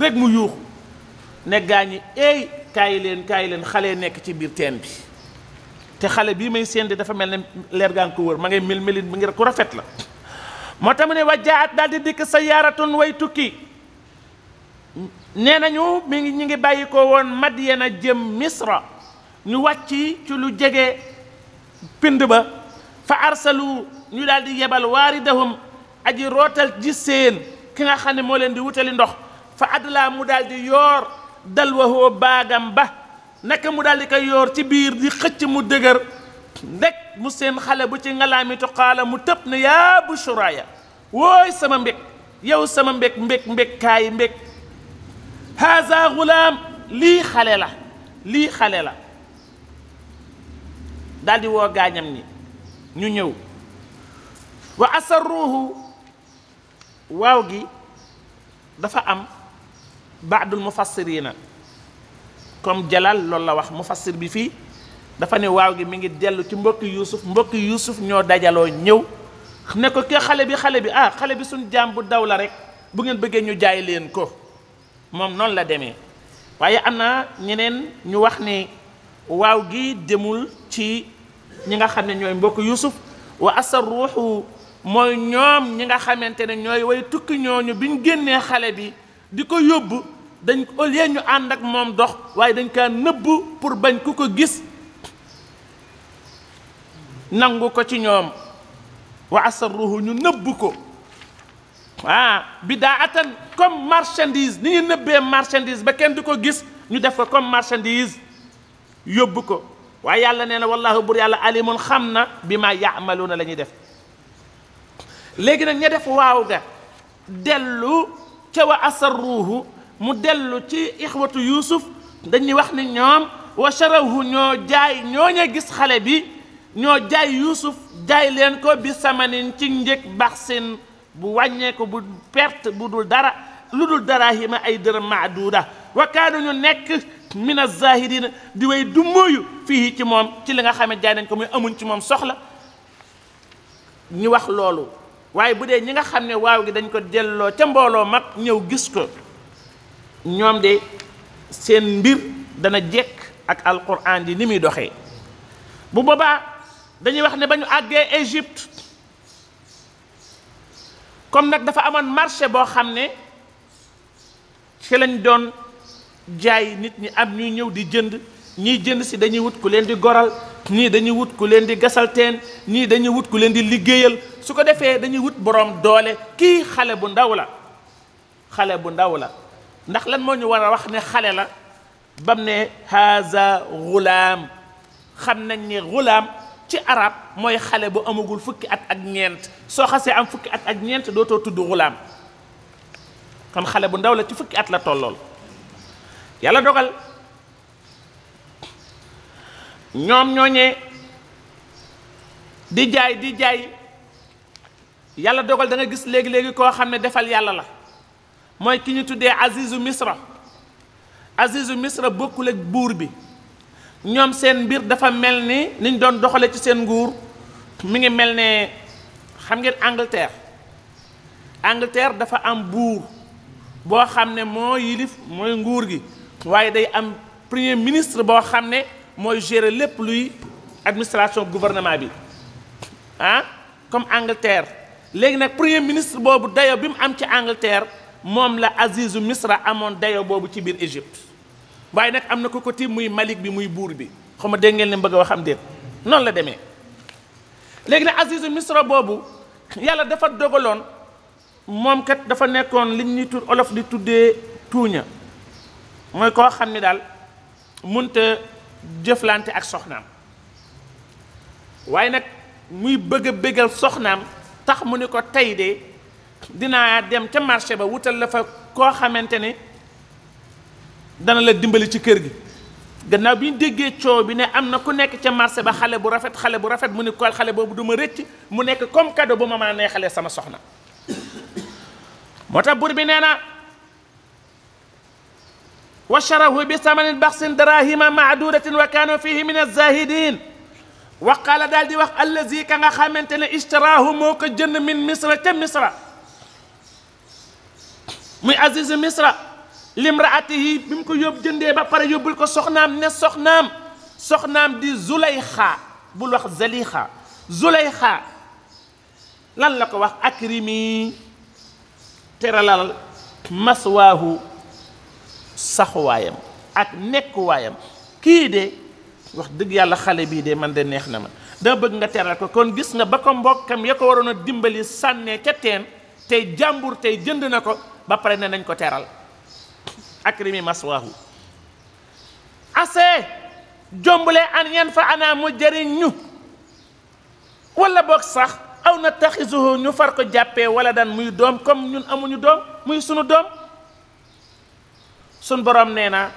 Speaker 1: rek mu yuuxu ne gaañi eey kaay leen kaay leen xale nekk ci biir teen bi te xale bii may séen dafa mel ne leer gaa ngi ko wër ma ngay mel melin bi ngir ku rafet la moo tax mu ne wajjaat daal di dikk sa yaaratun way tukki nee nañu mi ngi ñu ngi bàyyi ko woon Madyana jëm Misra ñu wàcc ci lu jege pind ba fa arsalu ñu daldi di yebal waaridahum aji rootal ji seen ki nga xam ne moo leen di wutali ndox fa adla mu daal di yoor dal waxoo baagam ba naka mu daldi ko yoor ci biir di xëcc mu dëgër ndek mu seen xale bu ci ngalaamitu xaala mu tëb ne yaa bu shuraaya wooy sama mbég yow sama mbég mbég mbég kaay mbég haza gulaam lii xale la lii xale la daal woo gaañam ni ñu ñëw wa asarruuhu waaw gi dafa am baadul mufassirina comme jalal loolu la wax mufassir bi fii dafa ne waaw gi mi ngi dellu ci mbokki yuusuf mbokki yuusuf ñoo dajaloo ñëw ne ko ke xale bi xale bi ah xale bi suñ jaam bu daw la rek bu ngeen bëggee ñu jaay leen ko moom noonu la demee waaye am na ñeneen ñu wax ne waaw gi demul ci ñi nga xam ne ñooy mbokk yusuf wa asar ruuxu mooy ñoom ñi nga xamante ne ñooy way tukki ñooñu ñu génnee xale bi di ko yóbbu dañ au lieu ñu ànd ak moom dox waaye dañ kaa nëbb pour bañ ku ko gis nangu ko ci ñoom wa asarruhu ñu nëbb ko ah bidaatan comme marchandise ni ñu nëbbee marchandise ba kenn du ko gis ñu def ko comme marchandise yóbbu ko waaye yàlla nee na wallaahu bur yàlla alimun xam na bi maa yaamaluuna la ñuy def léegi nag ña def waaw ga dellu ca wa asarruhu mu dellu ci ixwatu yuusuf dañuy wax ni ñoom wa sharahu ñoo jaay ñoo ñooña gis xale bi ñoo jaay yuusuf jaay leen ko bi samanin ci njëg baxsin bu wàññeeku bu perte bu dul dara lu dul darahima ay dërëm maaduuda wa kaanu ñu nekk min azahirina di way du mooyu fii ci moom ci li nga xam ne jaay nañ ko muy amuñ ci moom soxla ñu wax loolu waaye bu dee ñi nga xam ne waaw gi dañ ko delloo ca mbooloo mag ñëw gis ko ñoom de seen mbir dana jekk ak alquran di ni muy doxee bu boobaa dañuy wax ne ba ñu àggee Égypte comme nag dafa amoon marché boo xam ne ci lañ doon jaay nit ñi am ñuy ñëw di jënd ñiy jënd si dañuy wut ku leen di goral ñii dañuy wut ku leen di gasalteen ñii dañuy wut ku leen di liggéeyal su ko defee dañuy wut boroom doole kii xale bu ndaw la xale bu ndaw la ndax lan moo ñu war a wax ne xale la bam ne haza gulaam xam nañ ne gulaam ci arab mooy xale bu amagul fukki at ak ñeent soo xasee am fukki at ak ñeent dootoo tudd gulaam kon xale bu ndaw la ci fukki at la tollool yàlla dogal ñoom ñooñee di jaay di jaay yàlla dogal da gis léegi-léegi koo xam ne defal yàlla la mooy ki ñu tuddee azizu mistre azizu mistre bokkul ak buur bi ñoom seen mbir dafa mel ni niñ doon doxalee ci seen nguur mi ngi mel ne xam ngeen Angleterre Angleterre dafa am buur boo xam ne moo yilif mooy nguur gi waaye day am premier ministre boo xam ne mooy gérer lépp luy administration gouvernement bi ah comme Angleterre léegi nag premier ministre boobu dayo bi mu am ci Angleterre moom la Azizu Misra amoon dayo boobu ci biir Égypte waaye nag am na ko ko tiim muy Malik bi muy buur bi xaw ma dégg ngeen li mu bëgg a wax am déet la demee léegi nag Azizu Misra boobu yàlla dafa dogaloon moom kat dafa nekkoon li ñuy tudd olof di tuddee tuuña mooy koo xam ni daal munta jëflante ak soxnaam waaye nag muy bëgg a bëggal soxnaam tax mu ne ko tey de dinaa dem ca marché ba wutal la fa koo xamante ne dana la dimbali ci kër gi gannaaw bi ñu déggee coow bi ne am na ku nekk ca marché ba xale bu rafet xale bu rafet mu ni kool xale boobu duma rëcc mu nekk comme cadeau bu ma ma neexalee sama soxna moo tax buur bi nee na wa sharahu bi samanin baxsin darahima maadudatin wa kaanu fii min azahidin wa qaala daal di wax allazi ka nga xamante ne ishtaraahu moo ko jënd min misra ca misra muy azizu misra limraatihi bi mu ko yóbbu jëndee ba pare yóbbul ko soxnaam ne soxnaam soxnaam di zulayxa bul wax zalixa zulayxa lan la ko wax akrimi teralal maswaahu saxuwaayam ak nekkuwaayam kii de wax dëgg yàlla xale bii de man de neex na ma dama bëgg nga teral ko kon gis nga ba ko mbokkam ya ko waroon a dimbali sànnee ca teen tey jàmbur tey jënd na ko ba pare ne nañ ko teral akrimi maswahu assez jombule an yan fa ana mu jëriñ ñu wala boog sax aw na taxisuhu ñu far ko jàppee wala daan muy doom comme ñun amuñu doom muy sunu doom sun borom nee na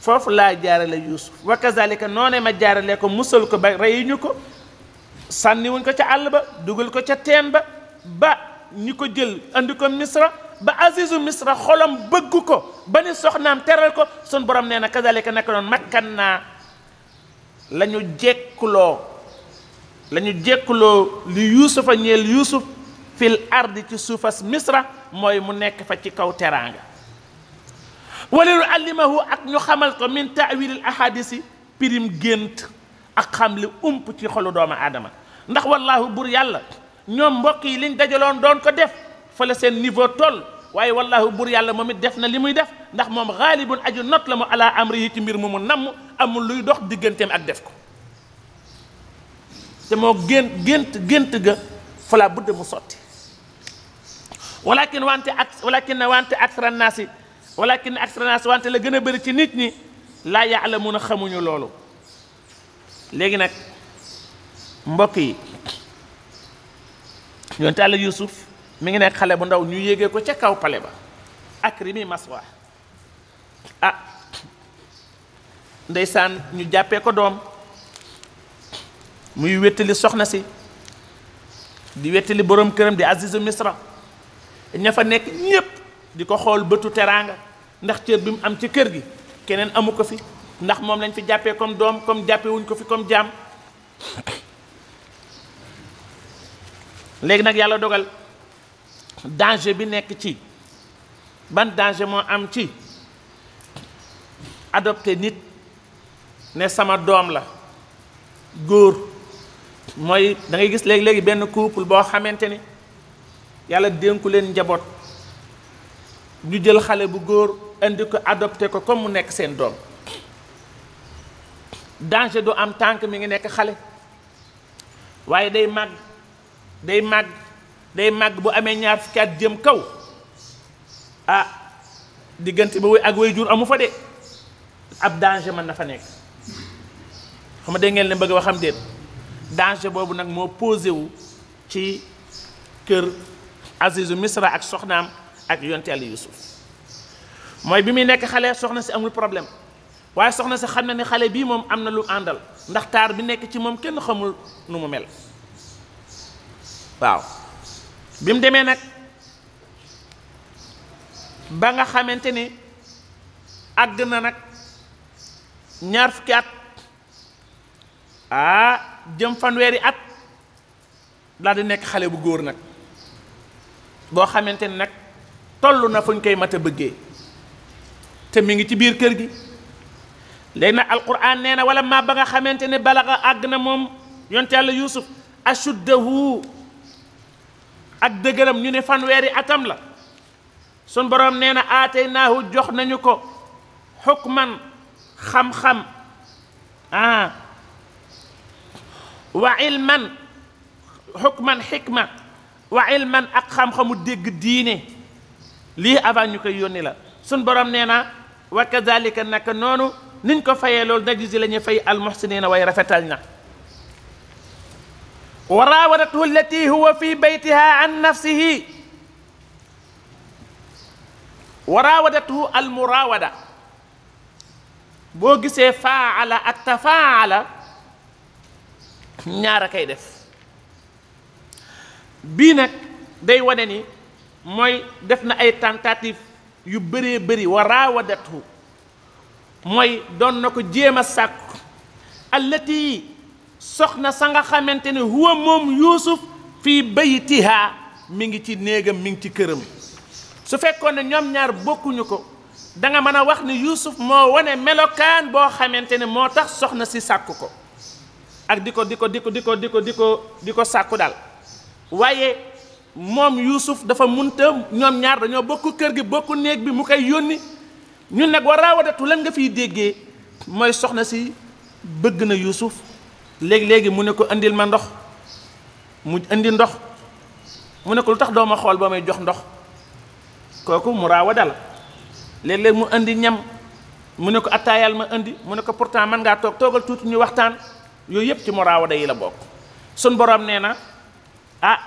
Speaker 1: foofu laa jaarale Yuusuf wa kazalika noonee ma jaarale ko musal ko ba reyuñu ko sànniwuñ ko ca àll ba dugal ko ca teen ba ba ñi ko jël indi ko misra ba azizu misra xolam bëgg ko ba ni soxnaam teral ko sun borom nee na kazalika nekk noonu makkan naa la ñu lañu la jekkuloo li yuusufa ñeel yuusuf fil ardi ci suufas misra mooy mu nekk fa ci kaw teraanga walilu ak ñu xamal ko min taawilil ahadis pirim gént ak xam li ump ci xolu doomu aadama ndax wallaahu bur yàlla ñoom mbokk yi liñ dajaloon doon ko def fa la seen niveau toll waaye wallaahu bur yàlla moom it def na li muy def ndax moom xaalibun aju not la mu ala amrihi ci mbir mu mu namm amul luy dox digganteem ak def ko te moo gént gént gént ga fala budde mu sotti walakin wante ak walakin na wante aksara naasi walakin aksara naasi wante la gën a bari ci nit ñi laa a xamuñu loolu léegi nag mbokk yi yonte Yàlla Yuusuf mi ngi nekk xale bu ndaw ñu yéegee ko ca kaw pale ba akrimi maswa ah ndeysaan ñu jàppee ko doom muy wettali soxna si di wettali boroom këram di azizu misra ña fa nekk ñépp di ko xool bëtu teraanga ndax cër bi mu am ci kër gi keneen amu ko fi ndax moom lañ fi jàppee kom doom comme jàppee ko fi comme jaam léegi nag yàlla dogal danger bi nekk ci ban danger moo am ci adopté nit ne sama doom la góor mooy da ngay gis léegi-léegi benn couple boo xamante ni yàlla dénku leen njaboot ñu jël xale bu góor indi ko adopté ko comme mu nekk seen doom danger du am tànk mi ngi nekk xale waaye day màgg day màgg day màgg bu amee ñaar fukki at jëm kaw ah diggante ba ak way jur amu fa de ab danger mën na fa nekk xam nga da ngeen leen bëgg wax xam déet danger boobu nag moo posé wu ci kër Azizu Misra ak soxnaam ak yonteel Yàlla Yusuf mooy bi muy nekk xale soxna si amul problème waaye soxna si xam na ne xale bii moom am na lu àndal ndax taar bi nekk ci moom kenn xamul nu mu mel waaw bi mu demee nag ba nga xamante ni àgg na nag ñaar fukki at ah jëm fanweeri at daal di nekk xale bu góor nag boo xamante ni nag toll na fu ñu koy mat a bëggee te mu ngi ci biir kër gi léegi nag alquran nee na wala maa ba nga xamante ne balaga àgg na moom yonte yàlla yusuf ashuddahu ak dëgëram ñu ne fanweeri atam la sun borom nee na aataynaahu jox nañu ko xukman xam-xam ah wa ilman xukman xikma wa ilman ak xam-xamu dégg diine lii avant ñu koy yónni la suñ borom nee na wa kazalika naka noonu niñ ko fayee loolu najzi la ñu fay almuhsinina way rafetal na wa raawadathu allati huwa fi baytiha an nafsihi wa raawadathu almuraawada boo gisee faala ak tafaala ñaar a koy def bii nag day wane ni mooy def na ay tentative yu bëree bëri wa mooy doon na ko jéem a sàkku allati soxna sa nga xamante ne huwa moom yuusuf fii baytihaa mi ngi ci néegam mi ngi ci këram su fekkoon ne ñoom ñaar bokkuñu ko danga mën a wax ne yuusuf moo wane melokaan boo xamante ne moo tax soxna si sàkk ko ak di ko di ko di ko di ko di ko di ko di ko sàkku daal waaye moom yuusuf dafa munta ñoom ñaar dañoo bokk kër gi bokk néeg bi mu koy yónni ñu nag war aawadatu lan nga fi déggee mooy soxna si bëgg na yuusuf léegi-léegi mu ne ko indil ma ndox mu indi ndox mu ne ko lu tax doo ma xool ba may jox ndox kooku mu raawada la léeg-léeg mu indi ñam mu ne ko attaayal ma indi mu ne ko pourtant mën ngaa toog toogal tuuti ñu waxtaan yooyu yëpp ci mu raawada yi la bokk sun borom nee na ah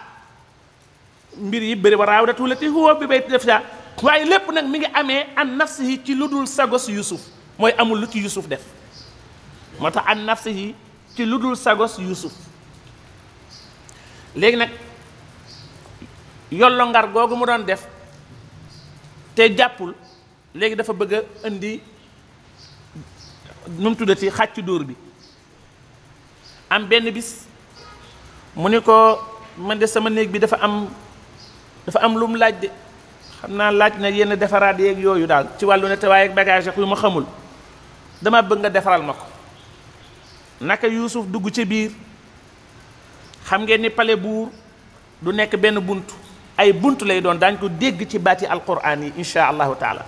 Speaker 1: mbir yi bëri ba raawadatu la te huwa bi bay def daa waaye lépp nag mi ngi amee an nafsihi ci lu dul sagos Yusuf mooy amul lu ci Yusuf def moo tax an nafsihi lu dul sagos Yuusuf léegi nag yollo ngar googu mu doon def te jàppul léegi dafa bëgg a indi nu mu tuddati xàcc dóor bi am benn bis mu ni ko man de sama néeg bi dafa am dafa am lu mu laaj de xam naa laaj na yenn defaraat yeeg yooyu daal ci wàllu ne te waaye bagage yu ma xamul dama bëgg nga defaral ma ko naka yuusuf dugg ci biir xam ngeen ni pale buur du nekk benn bunt ay bunt lay doon daañ ko dégg ci baati alquran yi insha allahu taala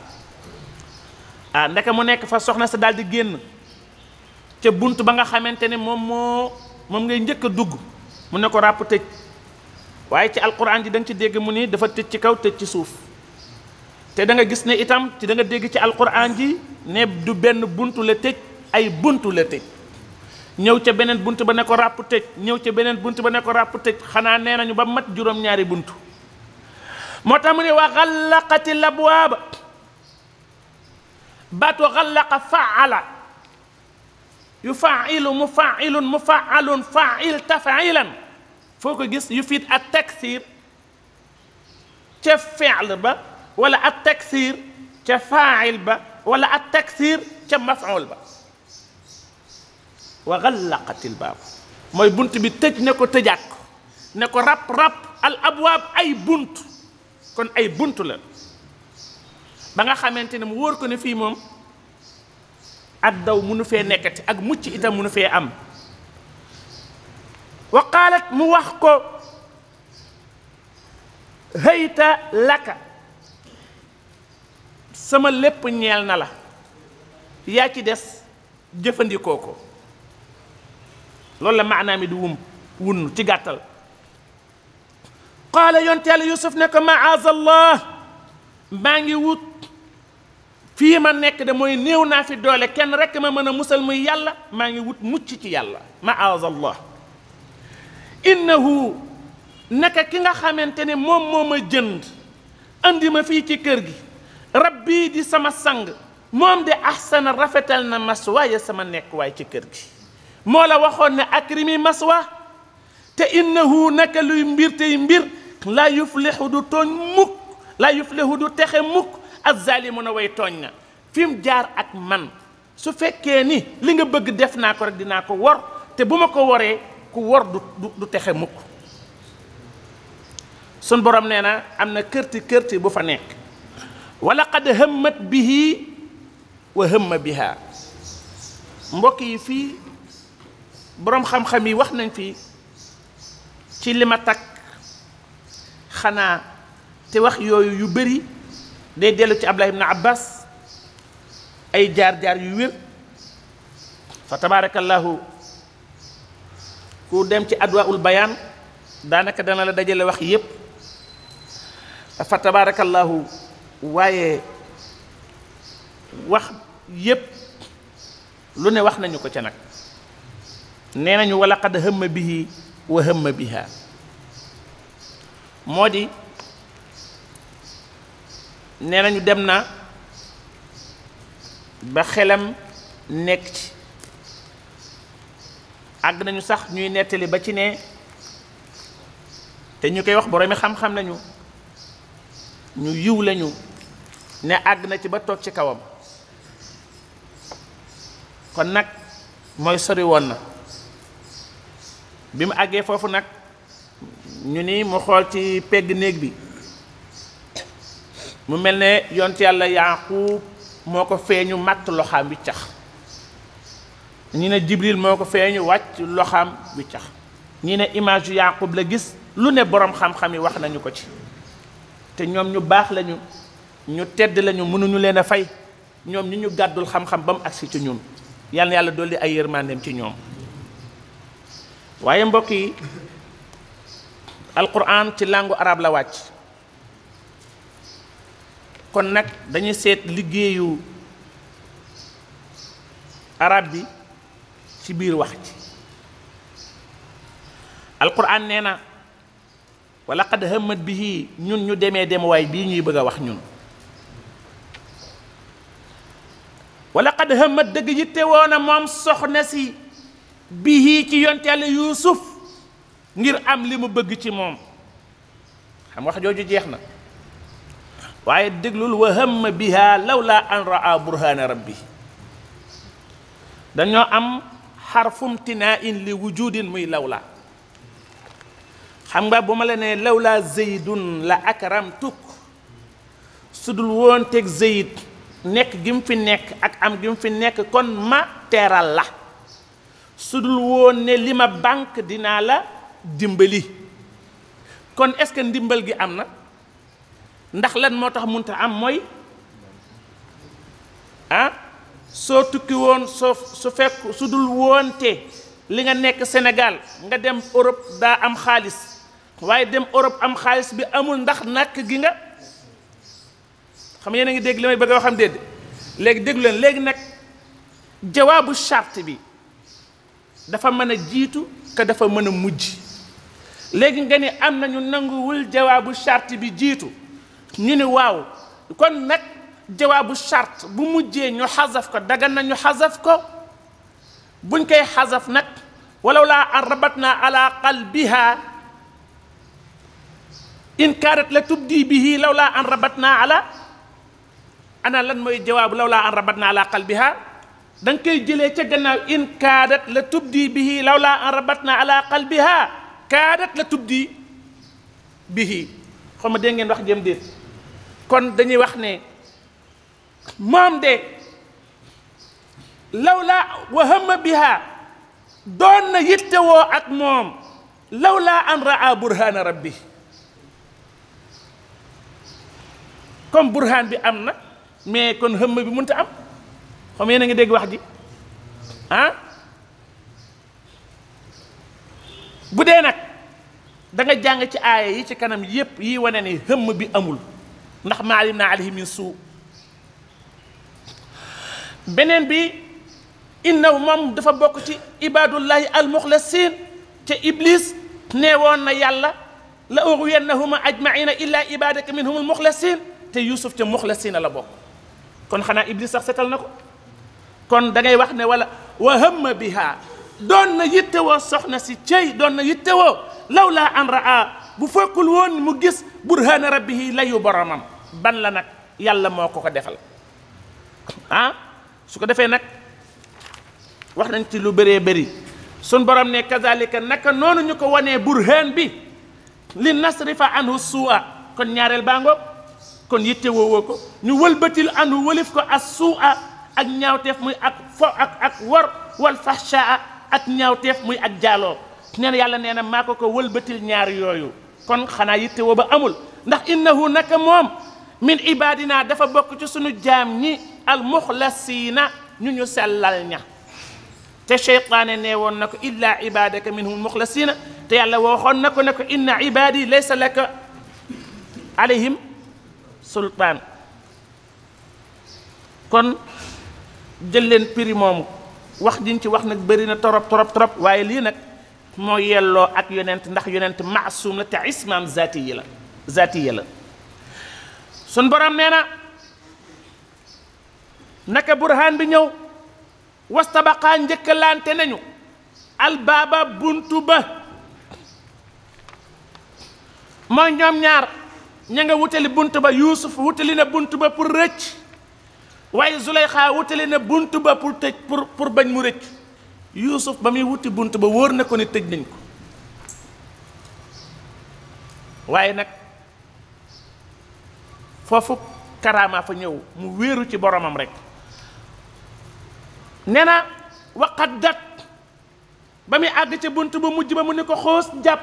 Speaker 1: ah ndaka mu nekk fa soxna sa daal di génn ca bunt ba nga xamante ne moom moo moom ngay njëkka dugg mu ne ko ràpp tëj waaye ci alquran ji da ci dégg mu ni dafa tëj ci kaw tëj ci suuf te danga gis ne itam ci da dégg ci alquran ji ne du benn bunt la tëj ay buntu la tëj ñëw ca beneen bunt ba ne ko ràpp tëj ñëw ca beneen bunt ba ne ko ràpp tëj xanaa nee nañu ba mat juróom-ñaari bunt moo tax mu ne wa xallaqati labwaaba wa xallaqa faala yu failu mu failun mu faalun fail tafailan foo ko gis yu fiit ak taksir ca fiil ba walla ak taksir ca fail ba wala ak taksir ca maful ba wa xallaqatil baab mooy bunt bi tëj ne ko tëjaat ko ne ko rap rap al abwaab ay bunt kon ay bunt la ba nga xamante ne mu wóor ko ne fii moom ak daw mënu fee nekkati ak mucc itam mënu fee am wa mu wax ko hayta laka sama lépp ñeel na la yaa ci des jëfandikoo ko loolu la maanaam mi di wum wunn ci gàttal qaala yonte yàlla yusuf ne ko maazallah maa ngi wut fii ma nekk de mooy néew naa fi doole kenn rekk ma mën a musal muy yàlla maa ngi wut mucc ci yàlla ma maazallah innahu naka ki nga xamante ne moom moo ma jënd indi ma fii ci kër gi rab rabbi di sama sang moom de ahsana rafetal na maswaaya sama nekk waay ci kër gi moo la waxoon ne akrimi maswa te innahu naka luy mbir tey mbir laa yuflixu du tooñ mukk laa yuflixu du texe mukk azzalimuna way tooñ na fi mu jaar ak man su fekkee ni li nga bëgg def naa ko rek dinaa ko wor te bu ma ko woree ku wor du du texe mukk sun boroom nee na am na kërti kërti bu fa nekk wala qad hëmmat bihi wa hëmma biha mbokk yi fii boroom xam-xam yi wax nañ fi ci li ma takk xanaa te wax yooyu yu bari day dellu ci Abdullah ibn Abbas ay jaar-jaar yu wér fa tabaarakallaahu ku dem ci adwaul bayaan daanaka dana la dajale wax yépp fa tabaarakallaahu waaye wax yépp lu ne wax nañu ko ca nag nee nañu wala qad hëmma bihi wa hëmma biha moo di nee nañu dem na ba xelam nekk ci àgg nañu sax ñuy nettali ba ci ne te ñu koy wax boroomi xam-xam lañu ñu yiw lañu ne àgg na ci ba toog ci kawam kon nag mooy sori woon na bi mu àggee foofu nag ñu ni mu xool ci pegg néeg bi mu mel ne yont yàlla yaaquub moo ko feeñu màtt loxaam bi cax ñi ne jibril moo ko feeñu wàcc loxaam bi cax ñi ne image yu yaaquub la gis lu ne boroom xam-xam yi wax nañu ko ci te ñoom ñu baax lañu ñu tedd lañu mënuñu leen a fay ñoom ñi ñu gàddul xam-xam ba mu agsi ci ñun yal na yàlla dolli ay yërmandeem ci ñoom waaye mbokk yi alquran ci langue arabe la wàcc kon nag dañuy seet liggéeyu arabe bi ci biir wax ci alquran nee na wa laqad hammat bihi ñun ñu demee demuwaay bii ñuy bëgg a wax ñun wa laqad hammat dëgg yitte woona moom soxna si bihi ci yonte yàlla yuusuf ngir am li mu bëgg ci moom xam wax jooju jeex na waaye déglul wa hamma biha lawla an raa burhana rabbi dañoo am xarfum tinaa in li wujudin muy lawlaa xam nga bu ma la nee lawla zeydun la akramtuk su dul woon teg zeyd nekk gi mu fi nekk ak am gi mu fi nekk kon ma teeral la su dul woon ne li ma banque dinaa la dimbali kon est-ce que ndimbal gi am na ndax lan moo tax mun munta am mooy ah soo tukki woon soo su fekk su dul woonte li nga nekk Sénégal nga dem Europe daa am xaalis waaye dem Europe am xaalis bi amul ndax nakk gi nga xam yéen a ngi dégg li may bëgg a waxam déedéet léegi déglu léegi nag jawaabu charte bi dafa mën a jiitu te dafa mën a mujj léegi nga ni am na ñu nanguwul jawaabu charte bi jiitu ñu ni waaw kon nag jawaabu charte bu mujjee ñu xasaf ko dagan na ñu xasaf ko buñ koy xasaf nag walaw laa an rabatna ala qalbiha in kaarat la law laa an rabatna ala ana lan mooy jawaabu law laa an rabatna ala qalbiha da nga koy jëlee ca gannaaw in kaadat la tubdi bihi lawla an rabatna ala qalbiha kaadat la tubdi bihi xaw ma dégg ngeen wax jëm déet kon dañuy wax ne moom de lawla wa hamma biha doon na yittewoo ak moom laa an raa burhana bi comme burhan bi am na mais kon hëmm bi mun mënta am xom yéen a ngi dégg wax ji ah bu dee nag da jàng ci aaya yi ci kanam yépp yi wane ni hëmm bi amul ndax maalim naa alayhi min suu beneen bi innahu moom dafa bokk ci ibadullahi almuxlasin ca iblis nee woon na yàlla la ughwiyannahum ajmaina illa ibadaka minhum almuxlasin te yusuf ca muxlasina la bokk kon xanaa iblis sax setal na ko kon dangay wax ne wala wa bi biha doon na yittewoo soxna si cey doon na yittewoo law laa an raa bu fekkul woon mu gis burhaana rabbihi layu boromam ban la nag yàlla moo ko ko defal ah su ko defee nag wax nañ ci lu bëree bëri sun borom ne kazalika naka noonu ñu ko wanee burhaan bi li nasrifa anhu suua kon ñaareel baa kon yittewoo woo ko ñu wëlbatil anhu wëlif ko as suua ak ñaawteef muy ak fo ak wor wal fahshaa ak ñaawteef muy ak jaaloo nee na yàlla nee na maa ko ko ñaar yooyu kon xanaa yittewoo ba amul ndax innahu naka moom min ibadina dafa bokk ci suñu jaam ñi al muxlasiina ñu ñu sellal ña te cheytaane nee woon na ko illa ibadaka minhum muxlasiina te yàlla waxoon na ko ne ko inna ibadi laysa laka alayhim sultaan kon jël leen prix moomu wax jiñ ci wax nag bëri na torop torop torop waaye lii nag moo yelloo ak yonent ndax yonent maasum la te ismaam zaati yi la zaati yi la sun borom nee na naka burhaan bi ñëw was tabakaa njëkkalante nañu albaaba buntu ba mooy ñoom ñaar ña nga wutali bunt ba yuusuf wutali na bunt ba pour rëcc waaye Zuleyxa wutale na bunt ba pour tëj pour pour bañ mu rëcc Yuusuf ba muy wuti bunt ba wóor na ko ne tëj nañ ko waaye nag foofu karaama fa ñëw mu wéeru ci boromam rek nee na waqat dat ba muy àgg ca bunt ba mujj ba mu ne ko xoos jàpp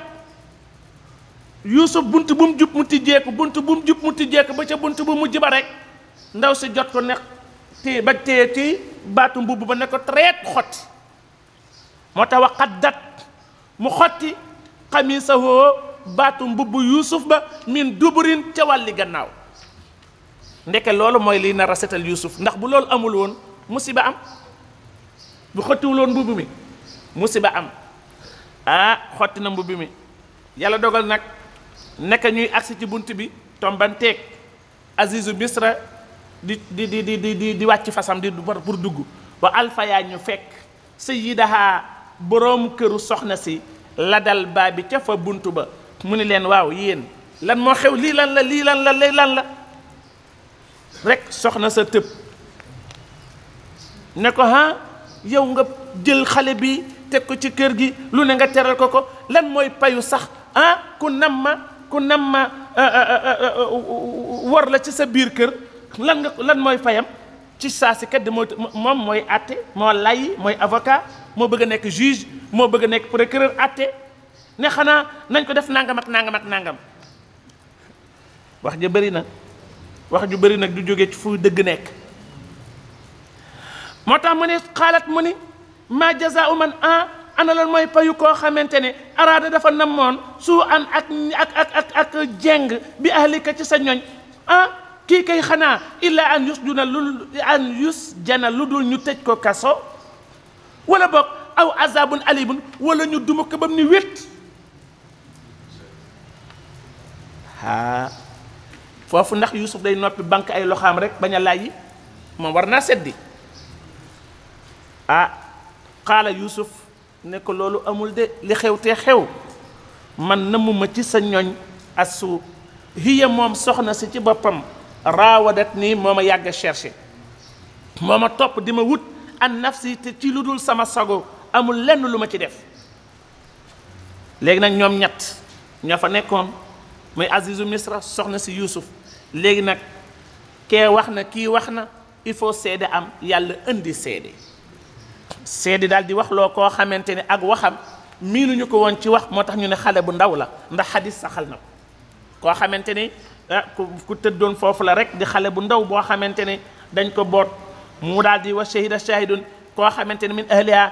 Speaker 1: yuusuf bunt bu mu jub mu tijjeeku bunt bu mu jub mu tijjeeku ba ca bunt bu mujj ba rekk ndaw si jot ko nekk téye ba téye ci baatu mbubb ba ne ko treet xotti moo tax wax xaddat mu xotti xamisahoo baatu mbubb yuusuf ba min duburin ca wàlli gannaaw ndeke loolu mooy liy na rasetal setal yuusuf ndax bu loolu amul woon musiba am bu xottiwuloon woon mbubb mi musiba am ah xotti na mbubb mi yàlla dogal nag nekk ñuy agsi ci bunt bi tombanteeg azizu bisra di di di di di di wàcc fasam di pour dugg ba alfayaa ñu fekk sa sayyidaha boroom këru soxna si la dal baa bi ca fa bunt ba mu ni leen waaw yéen lan moo xew lii lan la lii lan la lii lan la rek soxna sa tëb ne ko ha yow nga jël xale bi teg ko ci kër gi lu ne nga teral ko ko lan mooy payu sax ah ku nam ma ku nam ma ah, ah, ah, war la ci sa biir kër lan nga lan mooy fayam ci saa si kat moo moom mooy àtte moo lay mooy avocat moo bëgg a nekk juge moo bëgg a nekk procureur àtte ne xanaa nañ ko def nangam ak nangam ak nangam wax ja bëri na wax ju bëri nag du jóge ci fu dëgg nekk moo tax mu ne xaalaat mu ni ma jazaa'u man an ana lan mooy payu koo xamante ne araada dafa namoon su an ak ak ak ak jeng bi ahlika ci sa ñooñ ah kii kay xanaa illaa an yusjuna lu lu dul ñu tëj ko kaso wala boog aw azabun alibun wala ñu duma ko bam ni wét haa foofu ndax Yuusuf day noppi banque ay loxaam rek bañ a yi moom war naa seddi ah xaala Yuusuf ne ko loolu amul de li xew te xew man namuma ci sa ñoñ asu hiya moom soxna si ci boppam raawadat nii moo ma yàgg a moo ma topp di ma wut an nafsi te ci lu dul sama sago amul lenn lu ma ci def léegi nag ñoom ñett ñoo fa nekkoon muy Azizu Misra soxna si Yuusuf léegi nag kee wax na kii wax na il faut seede am yàlla indi seede seede daal di wax loo koo xamante ne ak waxam miinuñu ko woon ci wax moo tax ñu ne xale bu ndaw la ndax xadis saxal na ko koo xamante ni ah ku ku tëddoon foofu la rek di xale bu ndaw boo xamante ne dañ ko boot mu daal di wa shahida shahidun koo xamante ne min ahliha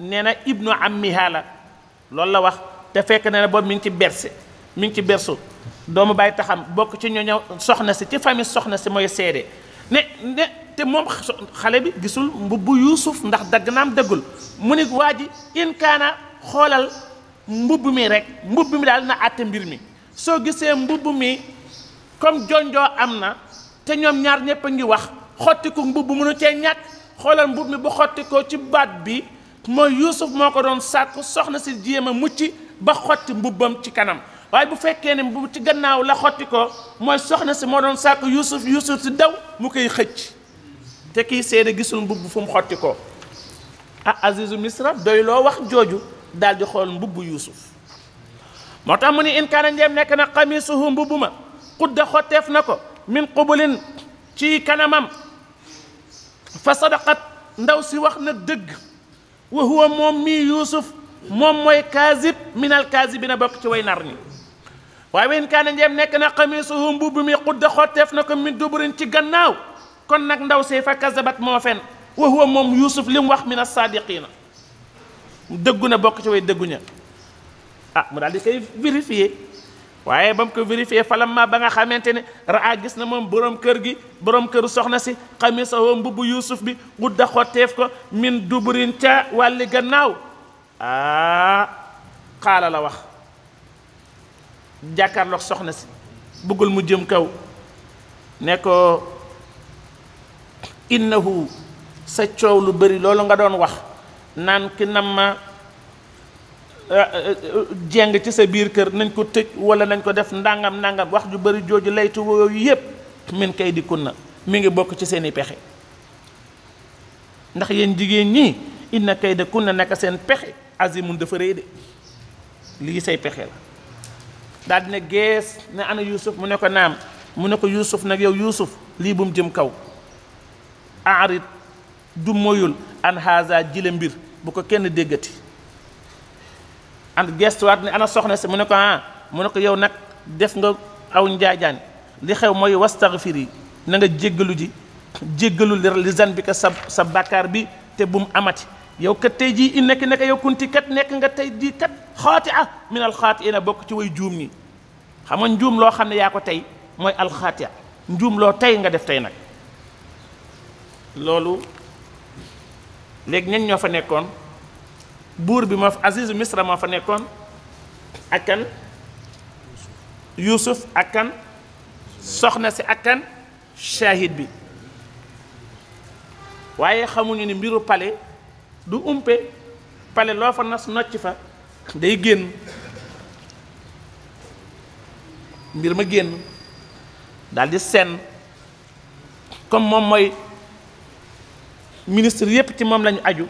Speaker 1: nee na ibnu ammiha la loolu la wax te fekk na ne boobu mi ngi ci berse mi ngi ci berso doomu bàyyi taxam bokk ci ñooñu soxna si ci famille soxna si mooy seede ne ne te moom xale bi gisul mbubbu yuusuf ndax dagg naam dëggul mu ni waa ji in kaana xoolal mbubb mi rek mbubb mi daal na àtte mbir mi soo gisee mbubb mi comme jonjoo am na te ñoom ñaar ñëpp a ngi wax xottiku mbubb mu mënu cee ñàkk xoolal mbubb mi bu xottikoo ci baat bi mooy Yuusuf moo ko doon sàkk soxna si jéem a mucc ba xotti mbubbam ci kanam waaye bu fekkee ne mbubb ci gannaaw la xottikoo ko mooy soxna si moo doon sàkk Yuusuf Yuusuf si daw mu koy xëcc te kii seede gisul mbubb fu mu xotti ko ah Azizu Misra doy loo wax jooju daldi di xool mbubb Yuusuf moo tax mu ne in kaana ndeem nekk na xamiisuhu mbubb ma xudda xotteef na ko min qubulin ci kanamam fa sadaqat ndaw si wax na dëgg wa huwa moom mii yuusuf moom mooy kaasib minal na bokk ci way nar ñi waaye wen kaana njeem nekk na xamiisuhu mbubb mi xudda xotteef na ko min duburin ci gannaaw kon nag ndaw see fa kasabat moo fen wa moom yuusuf li wax min as-saadiqiina dëggu na bokk ci way dëgguña ah mu daal di koy vérifier waaye ba mu ko vérifié falam ba nga xamante ne raa gis na moom borom kër gi borom këru soxna si xamisawoo mbubbu yuusuf bi gudda xotteef ko min duburin ca wàlli gannaaw aa ah, xaala wax jàkkaarloog soxna si bëggul mu jëm kaw ne ko innahu sa coow lu bari loolu nga doon wax naan ki nam Eh, eh, jeng ci sa biir kër nañ ko tëj wala nañ ko def ndàngam ndàngam wax ju bari jooju laytu yooyu yépp min kay di kunna mi ngi bokk ci seeni pexe ndax yéen jigéen ñi indi inna kay da kunna naka seen pexe azimun dafa rëy de lii say pexe la daal dina gees ne ana Yuusuf mu ne ko naam mu ne ko Yuusuf nag yow Yuusuf lii bu mu jëm kaw aarit du moyul an jile mbir bu ko kenn déggati and gestuwaat ne ana soxna si mu ne ko ah mu ne ko yow nag def nga aw njaajaan li xew mooy wastaxfir yi na nga jéggalu ji jéggalu li zan bi ka sa sa bàkkaar bi te bu mu amati yow kat tey jii i nekk nekk yow kunti kat nekk nga tey di kat xaati ah min alxaati na bokk ci way juum nii xam nga njuum loo xam ne yaa ko tey mooy alxaati njuum loo tey nga def tey nag loolu léegi ñen ñoo fa nekkoon buur bi ma fa Aziz Misra ma fa nekkoon ak kan Yuusuf ak soxna si ak kan shahid bi waaye xamuñu ni mbiru pale du umpe pale loo fa nas nocc fa day génn mbir ma génn daldi seen comme moom mooy ministre yépp ci moom lañu aju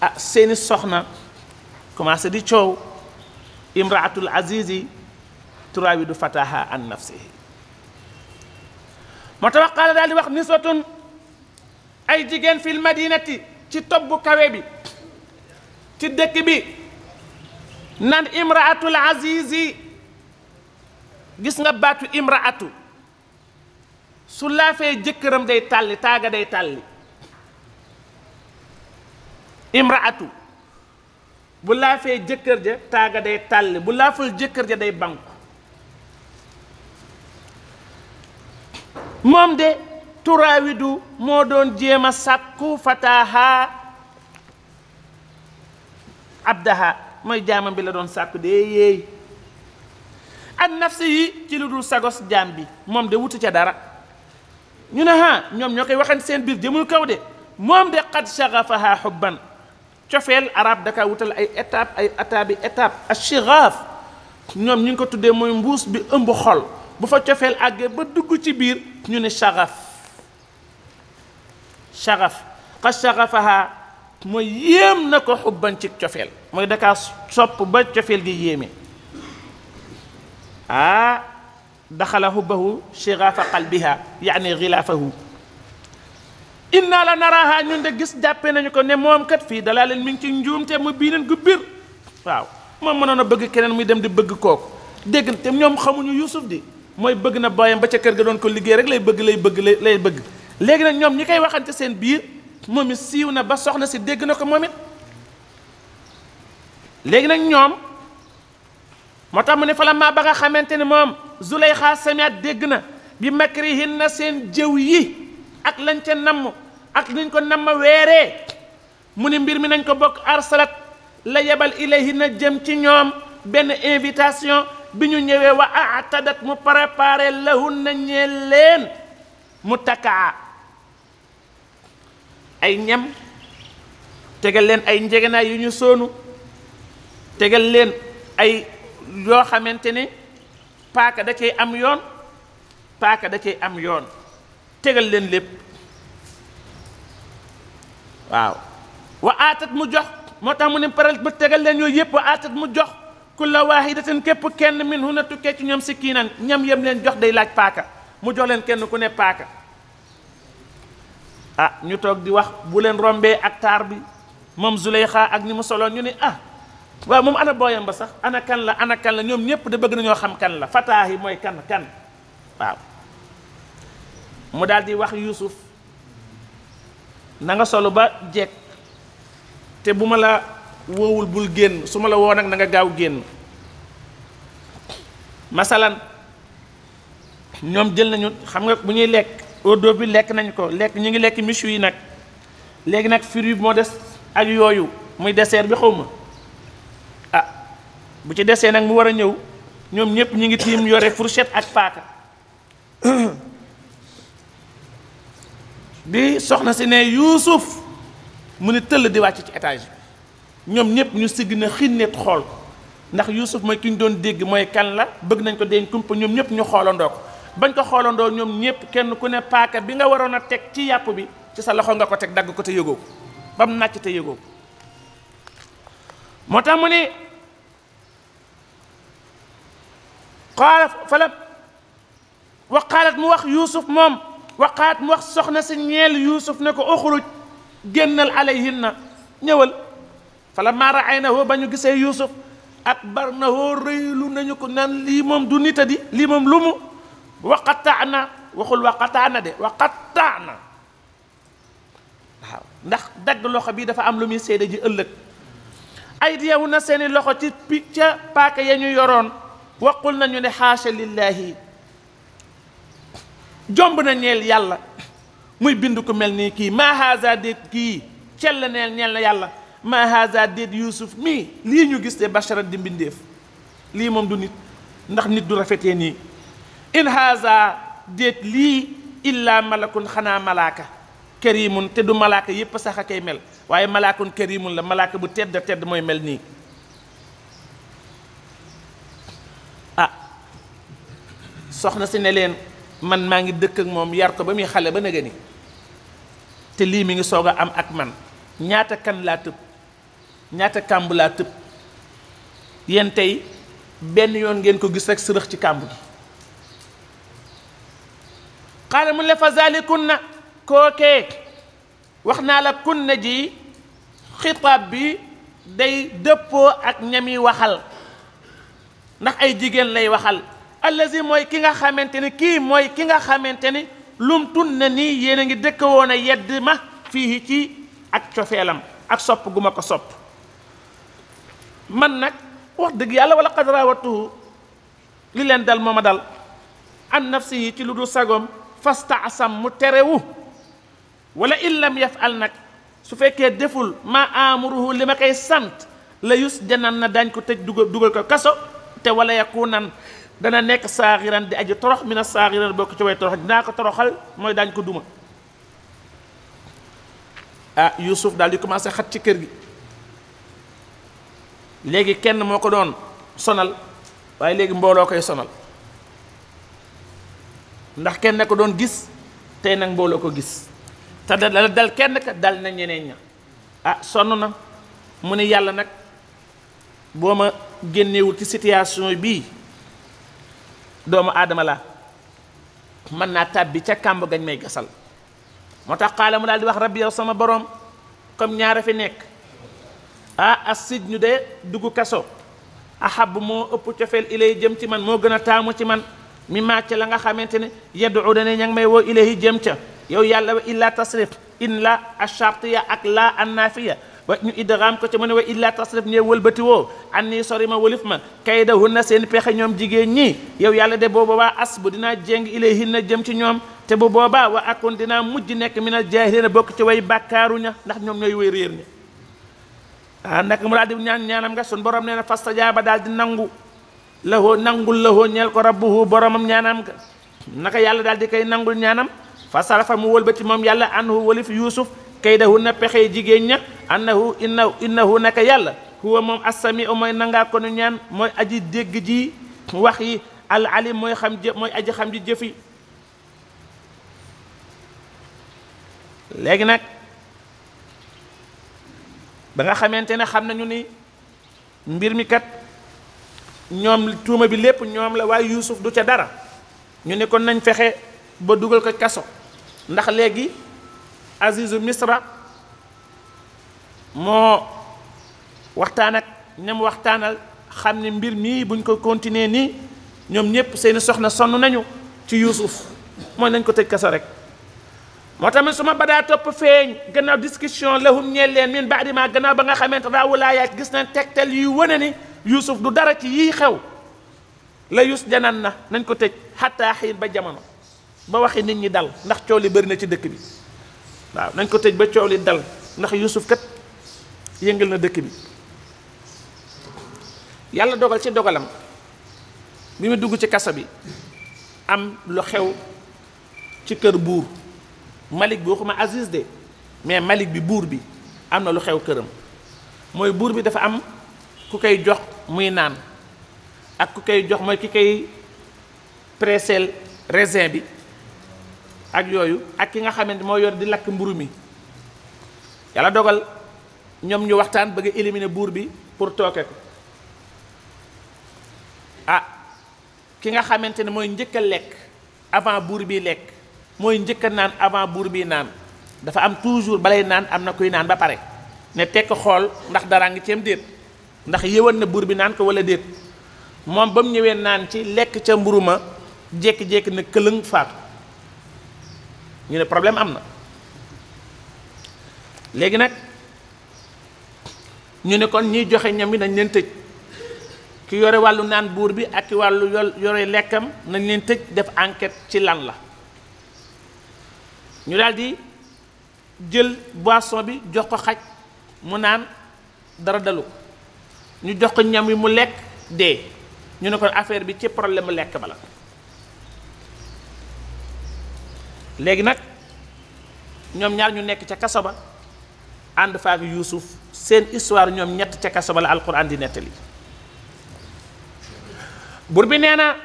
Speaker 1: ah seeni soxna commencé di coow imraatul azizi turaawidu fataha an nafsihi moo tax qaala daal di wax niswatun ay jigéen fil madinati ci tobbu kawe bi ci dëkk bi nan imraatul azizi gis nga baatu imraatu su laafee jëkkëram day tàlli taaga day tàlli imraatu bu laafee jëkkër ja taaga day tàlli bu laaful jëkkër ja day banku moom de turaawidu moo doon jéem a sàkku fataaha abdaha mooy jaamam bi la doon sàkku de yéey an nafsi yi ci lu dul sagos jaam bi moom de wutu ca dara ñu ne ha ñoom ñoo koy waxan seen biir jëmul kaw de moom de qad shagafaha xubban cofeel arab daka wutal ay étape ay ataabi étape ashiraaf ñoom ñu ngi ko tuddee mooy mbuus bi ëmb xol bu fa cofeel àggee ba dugg ci biir ñu ne sharaf sharaf xa sharafaha mooy yéem na ko xubban ci cofeel mooy daka sopp ba cofeel gi yéeme ah daxala xubbahu shirafa qalbiha yaani xilaafahu inna la naraaha ñun de gis jàppee nañu ko ne moom kat fii dalaa leen mi ngi ci njuumte mu biineen gu biir waaw moom mënoon a bëgg keneen muy dem di bëgg kooku dégg te ñoom xamuñu Yuusuf di mooy bëgg na bàyyam ba ca kër ga doon ko liggéey rek lay bëgg lay bëgg lay bëgg léegi nag ñoom ñi koy waxante seen biir moom it siiw na ba soxna si dégg na ko moom it léegi nag ñoom moo tax mu ne fala ba nga xamante ne moom Zuleyxa samiat dégg na bi makrihinna seen jëw yi ak lañ ca namm ak niñ ko namm weeree mu ni mbir mi nañ ko bokk arsalat la yebal ilayhi na jëm ci ñoom benn invitation bi ñu ñëwee wa atadat mu préparé lahun na ñeel leen mu takkaa ay ñam tegal leen ay njegenaay yu ñu soonu tegal leen ay yoo xamante ne paaka da cay am yoon paaka da cay am yoon tegal leen lépp waaw wa aatat mu jox moo tax mu ne paral ba tegal leen yooyu yëpp wa aatat mu jox ku la kulla waahidatin képp kenn min huna tukkee ci ñoom sikkiinan ñam yem leen jox day laaj paaka mu jox leen kenn ku ne paaka ah ñu toog di wax bu leen rombee ak taar bi moom Zuleyxa ak ni mu soloon ñu ne ah waaw moom ana booyam ba sax ana kan la ana kan la ñoom ñëpp da bëgg nañoo xam kan la fataahi mooy kan kan waaw mu daal di wax Yuusuf na nga solu ba jekk te bu ma la woowul bul génn su ma la woo nag na nga gaaw génn masalan ñoom jël nañu xam nga bu ñuy lekk odo bi lekk nañu ko lekk ñu ngi lekk michu yi nag léegi nag fruit bi moo des ak yooyu muy dessert bi xaw ma ah bu ci desee nag mu war a ñëw ñoom ñëpp ñu ngi tiim yore fourchette ak paaka bi soxna si ne yuusuf mu ne tëll di wàcc ci étage bi ñoom ñëpp ñu sigg na xinneet xool ndax yuusuf mooy ki ñu doon dégg mooy kan la bëgg nañ ko deeñ kumpa ñoom ñëpp ñu xoolandoo ko bañ ko xoolandoo ñoom ñëpp kenn ku ne paaka bi nga waroon a teg ci yàpp bi ci sa loxo nga ko teg dagg ko te yëgoo ko nàcc te yëgoo ko moo tax mu ne qaala fala wa qaalat mu wax yuusuf moom waqaat mu wax soxna si ñeel yuusuf ne ko uxruj génnal alayhinna ñëwal fala maara ay na woo ba ñu gisee yuusuf ak bar na woo rëylu nañu ko naan lii moom du nit a di lii moom lu mu waqataa waxul waqataa na de waqataa waaw ndax dagg loxo bii dafa am lu muy seede ji ëllëg ay diyawu na seeni loxo ci picca paaka ya ñu yoroon waqul nañu ne xaasha lillaahi jomb na ñeel yàlla muy bind ku mel nii kii maa haasa déet kii cell neel ñeel na yàlla maa haasa déet yuusuf mii lii ñu gis te bashara di mbindéef lii moom du nit ndax nit du rafetee nii in haasa déet lii illaa malakun xanaa malaaka karimun te du malaaka yépp sax a koy mel waaye malaakun karimun la malaaka bu tedd tedd mooy mel nii ah soxna si ne leen man maa ngi dëkk ak moom yar ko ba muy xale ba nëgë te lii mi ngi soog a am ak man ñaata kan laa tëb ñaata kàmb laa tëb yéen tey benn yoon ngeen ko gis rek sërëx ci kàmb gi xaala mun la na zalikunna kookee wax naa la na ji xitaab bi day dëppoo ak ñami waxal ndax ay jigéen lay waxal allazi mooy ki nga xamante ni kii mooy ki nga xamante ni lum tun na nii yéen a ngi dëkk woon a yedd ma fii ci ak cofeelam ak sopp gu ma ko sopp man nag wax dëgg yàlla wala qad li leen dal moo ma dal an nafsihi ci lu dul sagom fastaasam mu terewu wala in lam yafal nag su fekkee deful ma amuruhu li ma koy sant la yus janan na daañ ko tëj dugal dugal ko kaso te wala nan dana nekk saaxiran di aji torox mi na saaxiran bokk ci way torox dinaa ko toroxal mooy daañ ko duma ah Yuusuf daal di commencé xat ci kër gi léegi kenn moo ko doon sonal waaye léegi mbooloo koy sonal ndax kenn ko doon gis tey nag mbooloo ko gis te dal dal kenn ka dal na ñeneen ña ah sonn na mu ne yàlla nag boo ma génnewul ci situation bii doomu aadama la mën naa tàbbi ca kàmb gañ may gasal moo tax xaala mu daal di wax rabbi yow sama borom comme ñaara fi nekk ah asid ñu de dugg kaso ahab moo ëpp cofeel ilay jëm ci man moo gën a taamu ci man mi màcc la nga xamante ne yeddu dane ña ngi may woo ilayhi jëm ca yow yàlla wa illaa tasrif in la ashartiya ak la annafiya wa ñu idgham ko ci mu ne wa illa tasrif ne wëlbati woo an nii sori ma wëlif ma kaydahunna seen pexe ñoom jigéen ñi yow yàlla de boo boobaa as bu dinaa jéng ilayhinna jëm ci ñoom te bu boobaa wa akun dinaa mujj nekk minal jaahiliina bokk ci way bàkkaaru ña ndax ñoom ñooy way réer ña ah nag mu daal di ñaan ñaanam nga sun borom nee na fastajaaba daal di nangu lahoo nangul lahoo ñeel ko rabbuhu boromam ñaanam nga naka yàlla daal di koy nangul ñaanam fa sarafa mu wëlbati moom yàlla anhu walif yuusuf na pexe jigéen ña annahu inna innahu naka yàlla huwa moom assami u mooy nangaa ko nu ñaan mooy aji dégg ji wax yi al alim mooy xam jë mooy aji xam ji jëfi léegi nag ba nga xamante ne xam nañu ni mbir mi kat ñoom tuuma bi lépp ñoom la waaye Yuusuf du ca dara ñu ne kon nañ fexe ba dugal ko kaso ndax léegi azizu misra moo waxtaan ak ñam waxtaanal xam ne mbir mii buñ ko continuer nii ñoom ñëpp seeni soxna sonn nañu ci yuusuf mooy nañ ko tëj kaso rek moo tamit su ma badaa topp feeñ gannaaw discussion lahum ñeel leen min ba ma gannaaw ba nga xamante raawulaayaat gis nañ tegtal yuy wane ni yuusuf du dara ci yii xew la yus janan na nañ ko tëj xataa xiin ba jamono ba waxi nit ñi dal ndax coow li bëri na ci dëkk bi waaw nañ ko tëj ba coow li dal ndax Yuusuf kat yëngal na dëkk bi yàlla dogal ci dogalam bi mu dugg ci kaso bi am lu xew ci kër buur Malik bi waxuma Aziz de mais Malik bi buur bi am na lu xew këram mooy buur bi dafa am ku koy jox muy naan ak ku koy jox mooy ki koy presseel raisin bi ak yooyu ak ki nga xamante moo yor di lakk mburu mi yàlla dogal ñoom ñu waxtaan bëgg a éliminer buur bi pour tooke ko ah ki nga xamante ne mooy njëkk a lekk avant buur bi lekk mooy njëkk a naan avant buur bi naan dafa am toujours balay naan am na kuy naan ba pare ne tekk xool ndax dara ngi ceem déet ndax yëwan na buur bi naan ko wala déet moom ba mu ñëwee naan ci lekk ca mburu ma jékki-jékki na këlëng faatu ñu ne problème am na léegi nag ñu ne kon ñiy joxe ñam yi nañ leen tëj ki yore wàllu naan buur bi ak ki wàllu yore lekkam nañ leen tëj def enquête ci lan la ñu daal jël boisson bi jox ko xaj mu naan dara dalu ñu jox ko ñam wi mu lekk dee ñu ne kon affaire bi ci problème mu lekk ba la léegi nag ñoom ñaar ñu nekk ca kaso ba ànd fa ak Yuusuf seen histoire ñoom ñett ca kaso ba la alquran di nettali buur bi nee na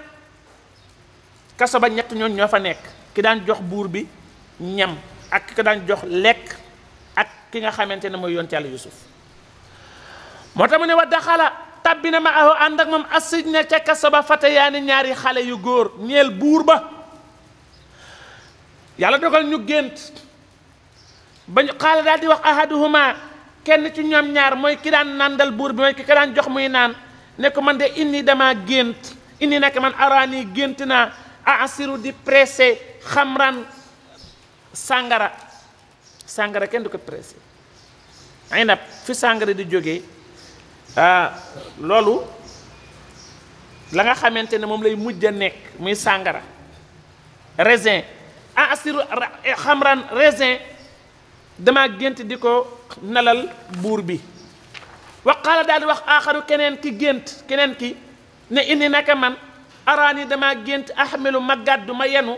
Speaker 1: kaso ba ñett ñoon ñoo fa nekk ki daan jox buur bi ñam ak ki daan jox lekk ak ki nga xamante ne mooy yonent Yàlla Yuusuf moo tax mu ne wa daxala tàbbi na ma aho ànd ak moom asij na ca kaso ba fatayaani ñaari xale yu góor ñeel buur ba yàlla dogal ñu gént ba ñu xaala daal di wax ahaduhuma kenn ci ñoom ñaar mooy ki daan nàndal buur bi mooy ki ka daan jox muy naan ne ko man de indi dama gént indi nag man araani gént naa asiru di pressé xamran sàngara sàngara kenn du ko pressé inab fi sàngara di jóge ah, loolu la nga xamante ne moom lay mujj a nekk muy sàngara raisin a asiru eh, xamran raisin dama gént di ko nalal buur bi wa qaala daal wax aaxaru keneen ki gént keneen ki ne indi naka man yi dama gént axmelu ma gàddu ma yenu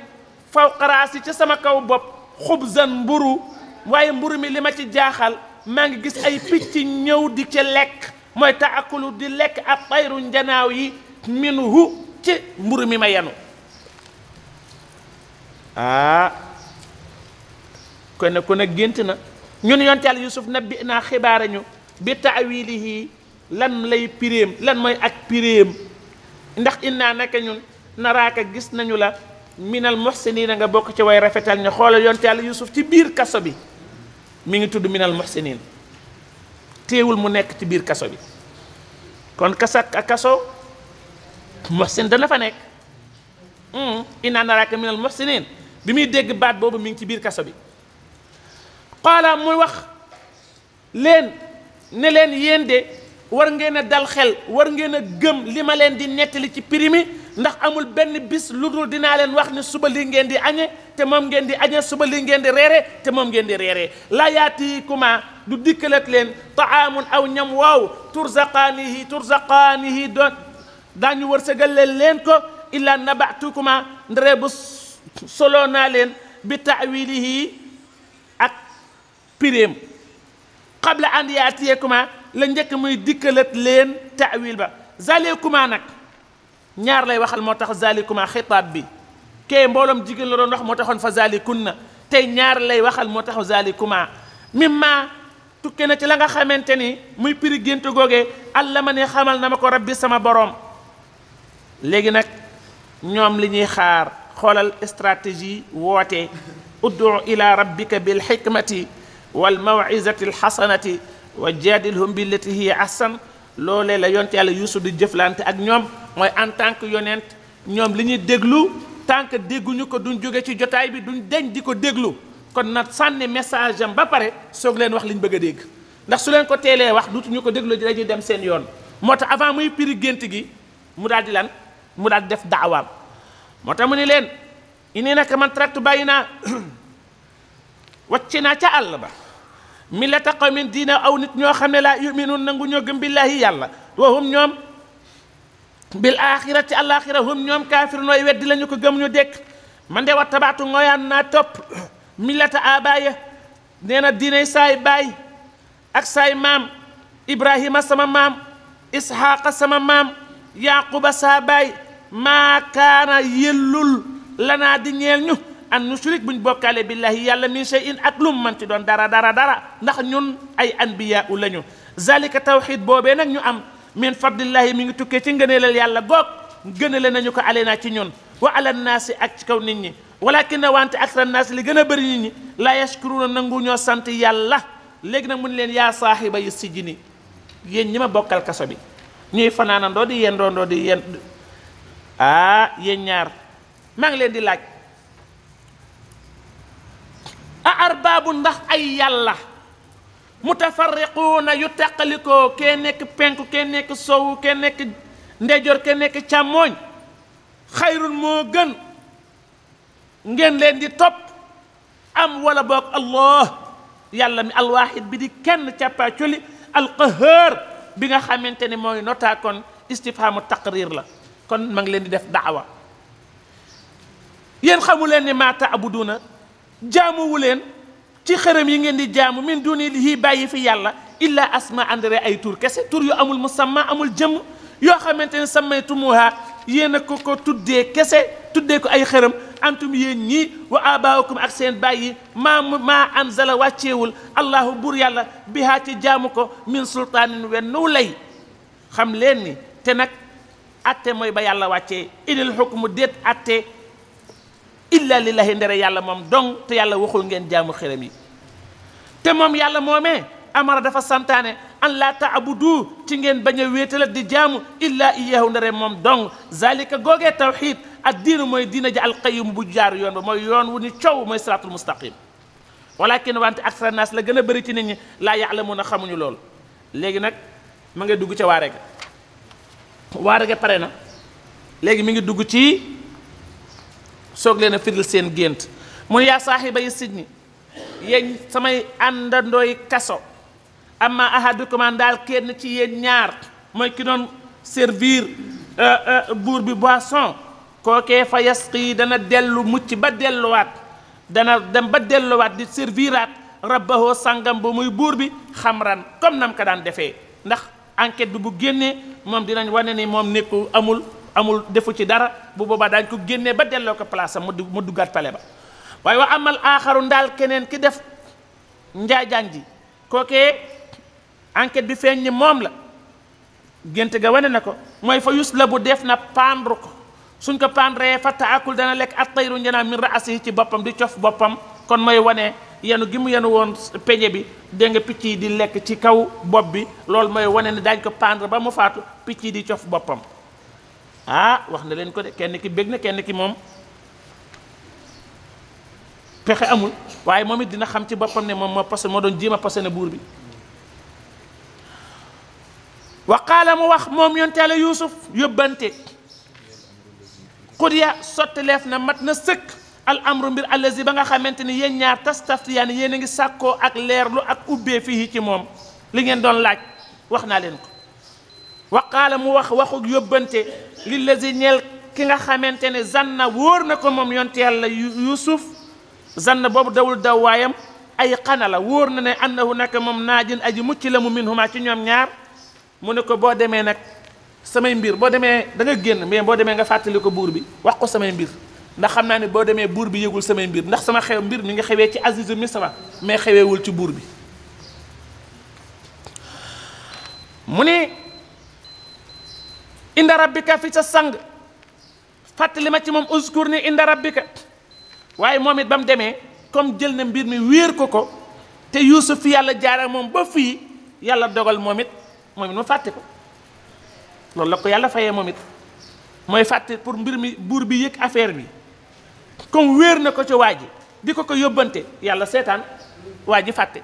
Speaker 1: fawqa raasi ca sama kaw bopp xubzan mburu waaye mburu mi li ma ci jaaxal maa ngi gis ay picc ñëw di ca lekk mooy taakulu di lekk ak tayru njanaaw yi minhu ci mburu mi ma yenu ah kon ku ne gént na ñun yonent Yàlla Yuusuf naa xibaara ñu bi taawilihi lay piréem lan mooy ak piréem ndax innaa naka ñun naraaka gis nañu la minal muhsiniina nga bokk ci way rafetal ñu xoolal yonent Yàlla Yuusuf ci biir kaso bi mi ngi tudd minal muhsiniin téewul mu nekk ci biir kaso bi kon kasa kaso muhsin dana fa nekk hmm, innaa naraaka minal muhsiniin bi muy dégg baat boobu mi ngi ci biir kaso bi qaala muy wax leen ne leen yéen de war ngeen a dal xel war ngeen a gëm li ma leen di nettali ci primi ndax amul benn bis lu dul dinaa leen wax ne suba li ngeen di añe te moom ngeen di añe suba li ngeen di reere te moom ngeen di reere la yaatiikuma dikk dikkalat leen taamun aw ñam waaw turzaqaanihi turzaqaanihi doon daañu wërsëgal leen ko illaa nabatukuma ndare bu soloo naa leen bi taawilihi ak xab piréem qabla an yaatiyekuma la njëkk muy dikkalat leen taawil ba zalikuma nag ñaar lay waxal moo tax zalikuma xitaab bi kee mbooloom jigéen la doon wax moo taxoon fa zalikunna tey ñaar lay waxal moo tax zalikuma mimma tukke na ci la nga xamante ni muy piri gént googee alla ma ne xamal na ma ko rabbi sama boroom léegi nag ñoom li ñuy xaar xoolal stratégie woote uddu ila rabbika bil xikmati wal mawizati alxasanati wa jaadilhum billati hiya ahsan loolee la yonent yàlla yuusu di jëflante ak ñoom mooy en tant que yonent ñoom li ñuy déglu tant dégguñu ko duñ jóge ci jotaay bi duñ deñ di ko déglu kon na sànni message am ba pare soog leen wax li ñu bëgg a dégg ndax su leen ko teelee wax dutuñu ko déglu dañuy dem seen yoon moo tax avant muy piri gént gi mu daal di lan mu daal def daawaam moo tax mu ni leen ini naka man taraktu bàyyi naa wàcce ca àll ba millata qawmin diina aw nit ñoo xam ne laa yuminuun nangu ñoo gëm billaahi yàlla wa hum ñoom bil axirati alaxira hum ñoom kaafir nooy weddi la ñu ko gëm ñu dekk man de wa tabaatu ngoyaan naa topp millata abaaya nee na diinay saay baay ak saay maam ibrahima sama maam isxaaqa sama maam yaquba saa baay maakaana yëllul lanaa di ñeel ñu an nushrik buñ bokkaale billahi yàlla min shay in ak lum manti doon dara dara dara ndax ñun ay anbiyaa u lañu zalika tawxid boobee nag ñu am min fadlillahi mi ngi tukkee ci ngënee leen yàlla goog ngënele nañu ko aleenaa ci ñun wa ala naasi ak ci kaw nit ñi walakin na wante akra naas li gën a bëri nit ñi la yashkuruuna nangu ñoo sant yàlla léegi nag mu ne leen yaa saaxiba yi si jini yéen ñi ma bokkal kaso bi ñuy fanaanandoo di yendoo di yen ah yéen ñaar maa ngi leen di laaj a arbaabu ndax ay yàlla mutafarriquuna yu tàqalikoo kee nekk penku kee nekk sowu kee nekk ndeyjoor kee nekk càmmooñ xayrun moo gën ngeen leen di topp am wala boog allah yàlla mi alwaahid bi di kenn càppaaculi alqahar bi nga xamante ne mooy notaakoon istifhaamu taqrir la kon ma leen di def daawa yéen xamu leen ni maa taabuduna jaamuwu leen ci xërëm yi ngeen di jaamu min duni lii bàyyi fi yàlla illa asma andré ay tur kese tur yu amul musamma amul jëmm yoo xamante ne sammaytumuha yéen a ko ko tuddee kese tuddee ko ay xërëm antum yéen ñii wa abaakum ak seen bàyyi maa maa anzala wàcceewul allahu buur yàlla bihaa ci jaamu ko min sultaanin wenn lay xam leen ni te nag atte mooy ba yàlla wàccee inil xukmu déet atte illa lillahi ndere yàlla moom dong te yàlla waxul ngeen jaamu xërëm yi te moom yàlla moomee amara dafa santaane an laa taabudu ci ngeen bañ a wéetale di jaamu illa iyahu ndere moom dong zalika googee tawxid ak diinu mooy diina ji alqayim bu jaar yoon ba mooy yoon wu ni coow mooy siraatul mustaqim walakin wante ak naas la gën a bëri ci nit ñi laa ya'lamuuna xamuñu lool léegi nag ma nga dugg ca waare waare ga pare na léegi mu ngi dugg ci soog leen a firil seen gént mun yaa saaxiba yi sijni yéen samay àndandooy kaso amma ahadukumaa daal kenn ci yéen ñaar mooy ki doon servir euh, euh, buur bi boisson kookee fa yasqi dana dellu mucc ba delluwaat dana dem ba delluwaat di serviraat rabbahoo sangam bu muy buur bi xamran comme nam ko daan defee ndax enquête bi bu génnee moom dinañ wane ni moom nekku amul amul defu ci dara bu boobaa daañ ko génnee ba delloo ko place am mu duggaat pale ba waaye wa amal aaxaru ndaal keneen ki def njaajaan ji kookee enquête bi feeñ ni moom la gént ga wane na ko mooy fa yus la bu def na pendre ko suñ ko pendree fa akul dana lekk at tayru njanaam min raasihi ci boppam di cof boppam kon mooy wane yenu gi mu yenu woon peñe bi dégg picc yi di lekk ci kaw bopp bi loolu mooy wane ne daañ ko pendre ba mu faatu picc yi di cof boppam ah wax na leen ko de kenn ki bég na kenn ki moom pexe amul waaye moom it dina xam ci boppam ne moom moo posé moo doon jéem a posé ne buur bi wa qaala mu wax moom yonteela yuusuf yóbbante xudya sotti leef na mat na sëkk al amru mbir allazi ba nga xamante ni yéen ñaar tastaftiyaani yéen a ngi sàkkoo ak leerlu ak ubbee fii ci moom li ngeen doon laaj wax naa leen ko wa qaala mu wax waxu yóbbante lillazi ñeel ki nga xamante ne na wóor na ko moom yonte yàlla yusuf zanna boobu dawul daw waayam ay xana la wóor na ne annahu naka moom naajin aji mucc la mu min huma ci ñoom ñaar mu ne ko boo demee nag samay mbir boo demee da nga génn mais boo demee nga fàttali ko buur bi wax ko samay mbir ndax xam naa ne boo demee buur bi yëgul samay mbir ndax sama xew mbir mi nga xewee ci Aziz mi sama mais xeweewul ci buur bi mu ne inda rabbika fi sa sang fàttali ma ci moom uskur ni inda rabbika waaye moom it ba mu demee comme jël na mbir mi wéer ko ko te yuusuf fi yàlla jaara moom ba fii yàlla dogal moom it moom it ma fàtte ko loolu la ko yàlla fayee moom it mooy fàtte pour mbir mi buur bi yëg affaire bi comme wéer na ko ca waa ji di ko ko yóbbante yàlla seetaan waa ji fàtte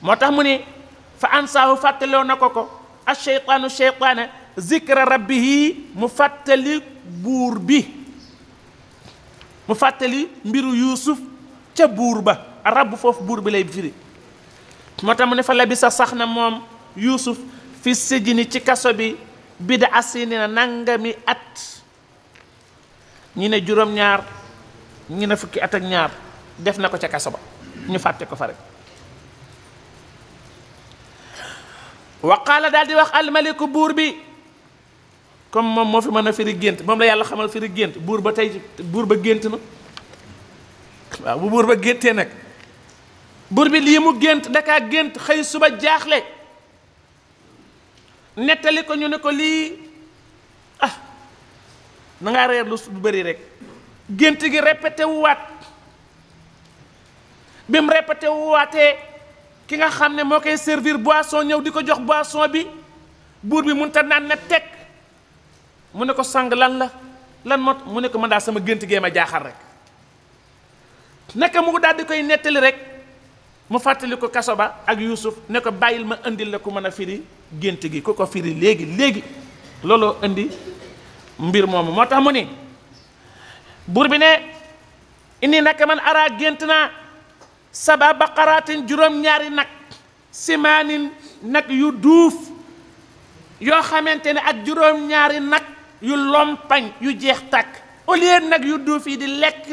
Speaker 1: moo tax mu ne fa ansaahu fàttaloo na ko ko a cheytaanu cheytaana zikra rabbihi mu fàttali buur bi mu fàttali mbiru yuusuf ca buur ba rabb foofu buur bi lay firi moo tax mu ne fa labisa sax na moom yuusuf fi sijini ci kaso bi bida asini na nangami at ñi ne juróom-ñaar ñu ne fukki at ak ñaar def na ko ca kaso ba ñu fàtte ko fa rek wa la daal di wax almaliku buur bi comme moom moo fi mën a firi gént moom la yàlla xamal firi gént buur ba tey buur ba gént na waaw bu buur ba géntee nag buur bi lii mu gént dakaa gént xëy suba jaaxle nettali ko ñu ne ko lii ah na ngaa reer lu bari rek gént gi répété wuwaat bi mu répété wuwaatee ki nga xam ne moo koy servir boisson ñëw di ko jox boisson bi buur bi mun ta naan na teg mu ne ko sang lan la lan mot mu ne ko man daal sama gént gee ma jaaxal rek naka mu dal di koy nettali rek mu fàttali ko kaso ba ak Yuusuf ne ko bàyyil ma indil la ku mën a firi gént gi ku ko firi léegi léegi looloo indi mbir moomu moo tax mu ni buur bi ne indi naka man ara gént naa saba baqaraatin juróom-ñaari nag simaanin nag yu duuf yoo xamante ni ak juróom-ñaari nag yu lompañ yu jeex tàkk au nag yu duuf yi di lekk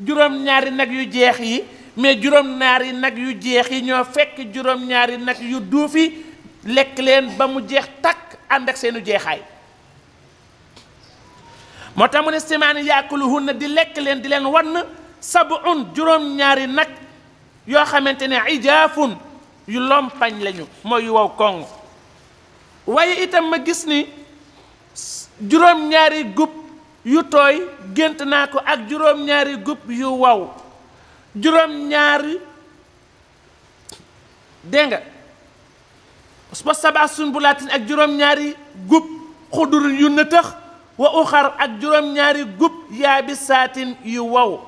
Speaker 1: juróom-ñaari nag yu jeex yi mais juróom-ñaari nag yu jeex yi ñoo fekk juróom-ñaari nag yu duuf yi lekk leen ba mu jeex tàkk ànd ak seenu jeexaay moo tax mu ne simaani yaakuluhunna di lekk leen di leen wann sabun juróom-ñaari nag yoo xamante ne ijaafun yu lompañ lañu mooy yu wow koŋ waaye itam ma gis ni juróom-ñaari gub yu tooy gént naa ko ak juróom-ñaari gub yu wow juróom-ñaari dégg nga ba sabaa sunbulaatin ak juróom-ñaari gub xudur yu nëtëx wa uxar ak juróom-ñaari gub yaa bi saatin yu wow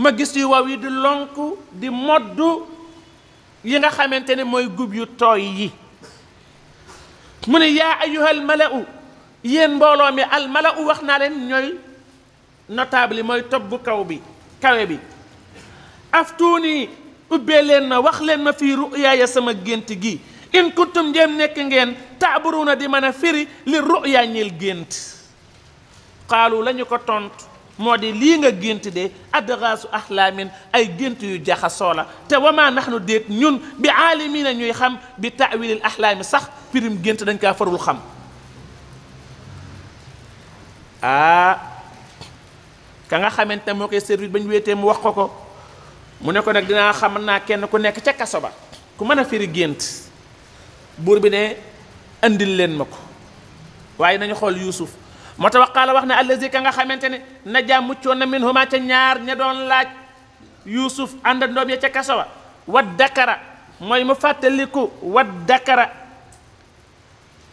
Speaker 1: ma gis yu wow yi di lonk di modd yi nga xamante ni mooy gub yu tooy yi mu ne yaa ayyuhal mala'u yéen mbooloo mi al mala'u wax naa leen ñooy notable yi mooy topp bu kaw bi kawe bi aftuuni ubbee leen na wax leen ma fii ruyaaya sama gént gi in kuntum njéem nekk ngeen taaburuuna di mën a firi li ruyaa ñeel gént xaalu la ñu ko tontu moo de lii nga gént de adraasu axlaamin ay gént yu jaxasoo la te wama nahnu déet ñun bi aalimiina ñuy xam bi taawilil axlaami sax pirim gént dañ kaa farul xam aa ah, ka nga xamante moo koy service ba ñu wéetee mu wax ko ko mu ne ko nag dinaa xam naa kenn ku nekk ca kaso ba ku mën a firi gént buur bi ne andil leen ma ko waaye nañu xool Yuusuf moo tax wax qaala wax ne allazi ka nga xamante ne na jàmm na min huma ca ñaar ña doon laaj yuusuf àndandoom ya ca kaso wa wad dakara mooy mu fàttaliku wad dakara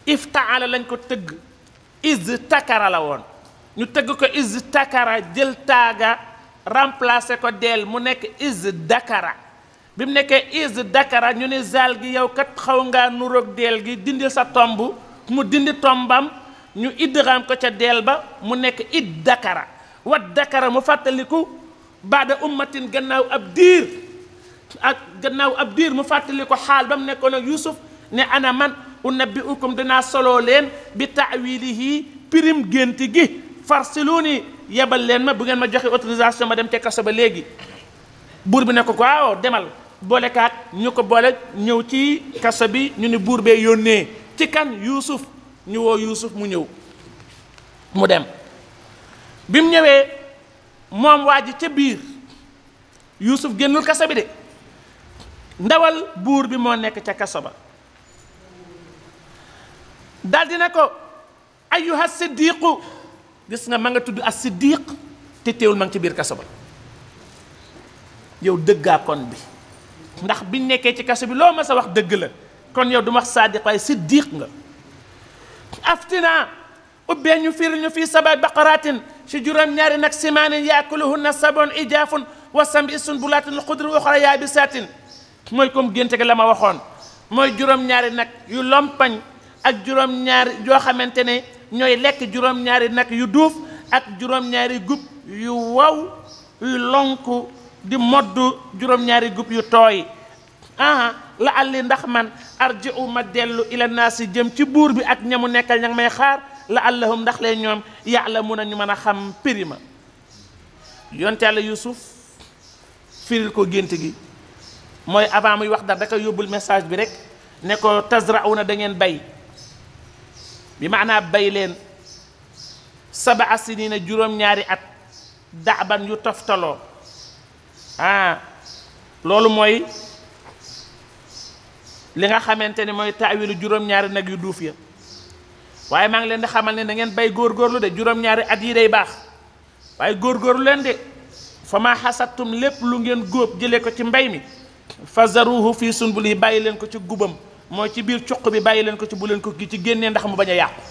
Speaker 1: iftaala lañ ko tëgg iz takara la woon ñu tëgg ko iz takara jël taaga remplacé ko deel mu nekk iz dakara bi mu nekkee iz dakara ñu ni zaal gi yow kat xaw ngaa nuroog deel gi dindil sa tomb mu dindi tombam ñu idgham ko ca deel ba mu nekk it dakara wa dakara mu fàttaliku baada ummatin gannaaw ab diir ak gannaaw ab diir mu fàttaliku xaal ba mu nekkoon ak Yuusuf ne ana man unabbi'ukum dinaa solo leen bi yi pirim gént gi farsiluuni yebal leen ma bu ngeen ma joxe autorisation ma dem ca kaso ba léegi buur bi ne ko waaw demal boolekaat ñu ko boole ñëw ci kaso bi ñu ne buur bee yónnee ci kan Yuusuf ñu woo yuusuf mu ñëw mu dem bi mu ñëwee moom waa ji ca biir yuusuf génnul kaso bi de ndawal buur bi moo nekk ca kaso ba daldi na ko ayyuha siddiqu gis nga ma nga tudd as siddiq te teewul ma ngi ci biir kaso ba yow dëggaakoon bi ndax biñ nekkee ci kaso bi loo ma sa wax dëgg la kon yow du ma wax saadiq waaye siddiq nga aftina ubbee ñu firi ñu fii saba baqaratin si juróom-ñaari nag simaanin na sabon ijaafun wa sambi sunbulaatin xudri uxra yaabisaatin mooy comme génte gi la ma waxoon mooy juróom-ñaari nag yu lompañ ak juróom-ñaari joo xamante ne ñooy lekk juróom-ñaari nag yu duuf ak juróom-ñaari gub yu wow yu lonku di modd juróom-ñaari gub yu tooy ah la alli ndax man arji'u ma dellu ila yi jëm ci buur bi ak ñamu nekka ña may xaar la allahum ndax leen ñoom yàlla a ñu mën a xam pirima yonte yàlla Yuusuf firil ko gént gi mooy avant muy wax dara da yóbbul message bi rek ne ko tazra'una da ngeen bay bi ma maanaa bay leen sabaa sinina juróom-ñaari at daaban yu toftaloo ah, loolu mooy li nga xamante ni mooy taawilu juróom-ñaari nag yu duuf ya waaye maa ngi leen di xamal ne da ngeen bay góorgóorlu de juróom-ñaari at yi day baax waaye góorgóorlu leen de fa ma xasattum lépp lu ngeen góob jële ko ci mbay mi fi fazaruhu bu sunbuli bàyyi leen ko ci gubam mooy ci biir cuq bi bàyyi leen ko ci bu leen ko gi ci génnee ndax mu bañ a yàqu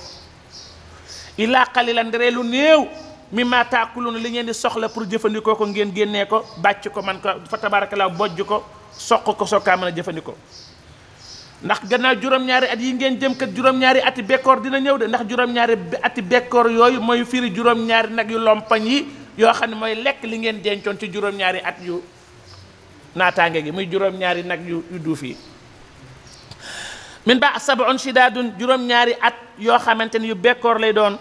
Speaker 1: ilaa qalilan nderee lu néew mimma taakuluna li ngeen di soxla pour jëfandikoo ko ngeen génnee ko bàcc ko man ko fa tabaarakalaa bojj ko soq ko sokkaa jëfandikoo ndax gannaaw juróom-ñaari at yi ngeen jëm kat juróom-ñaari ati bekkoor dina ñëw de ndax juróom-ñaari ati bekkoor yooyu mooy firi juróom-ñaari nag yu lompañ yi yoo xam ne mooy lekk li ngeen dencoon ci juróom-ñaari at yu naataange gi muy juróom-ñaari nag yu yu duuf yi min ba sab'un shidaadun juróom-ñaari at yoo xamante ni yu bekkoor lay doon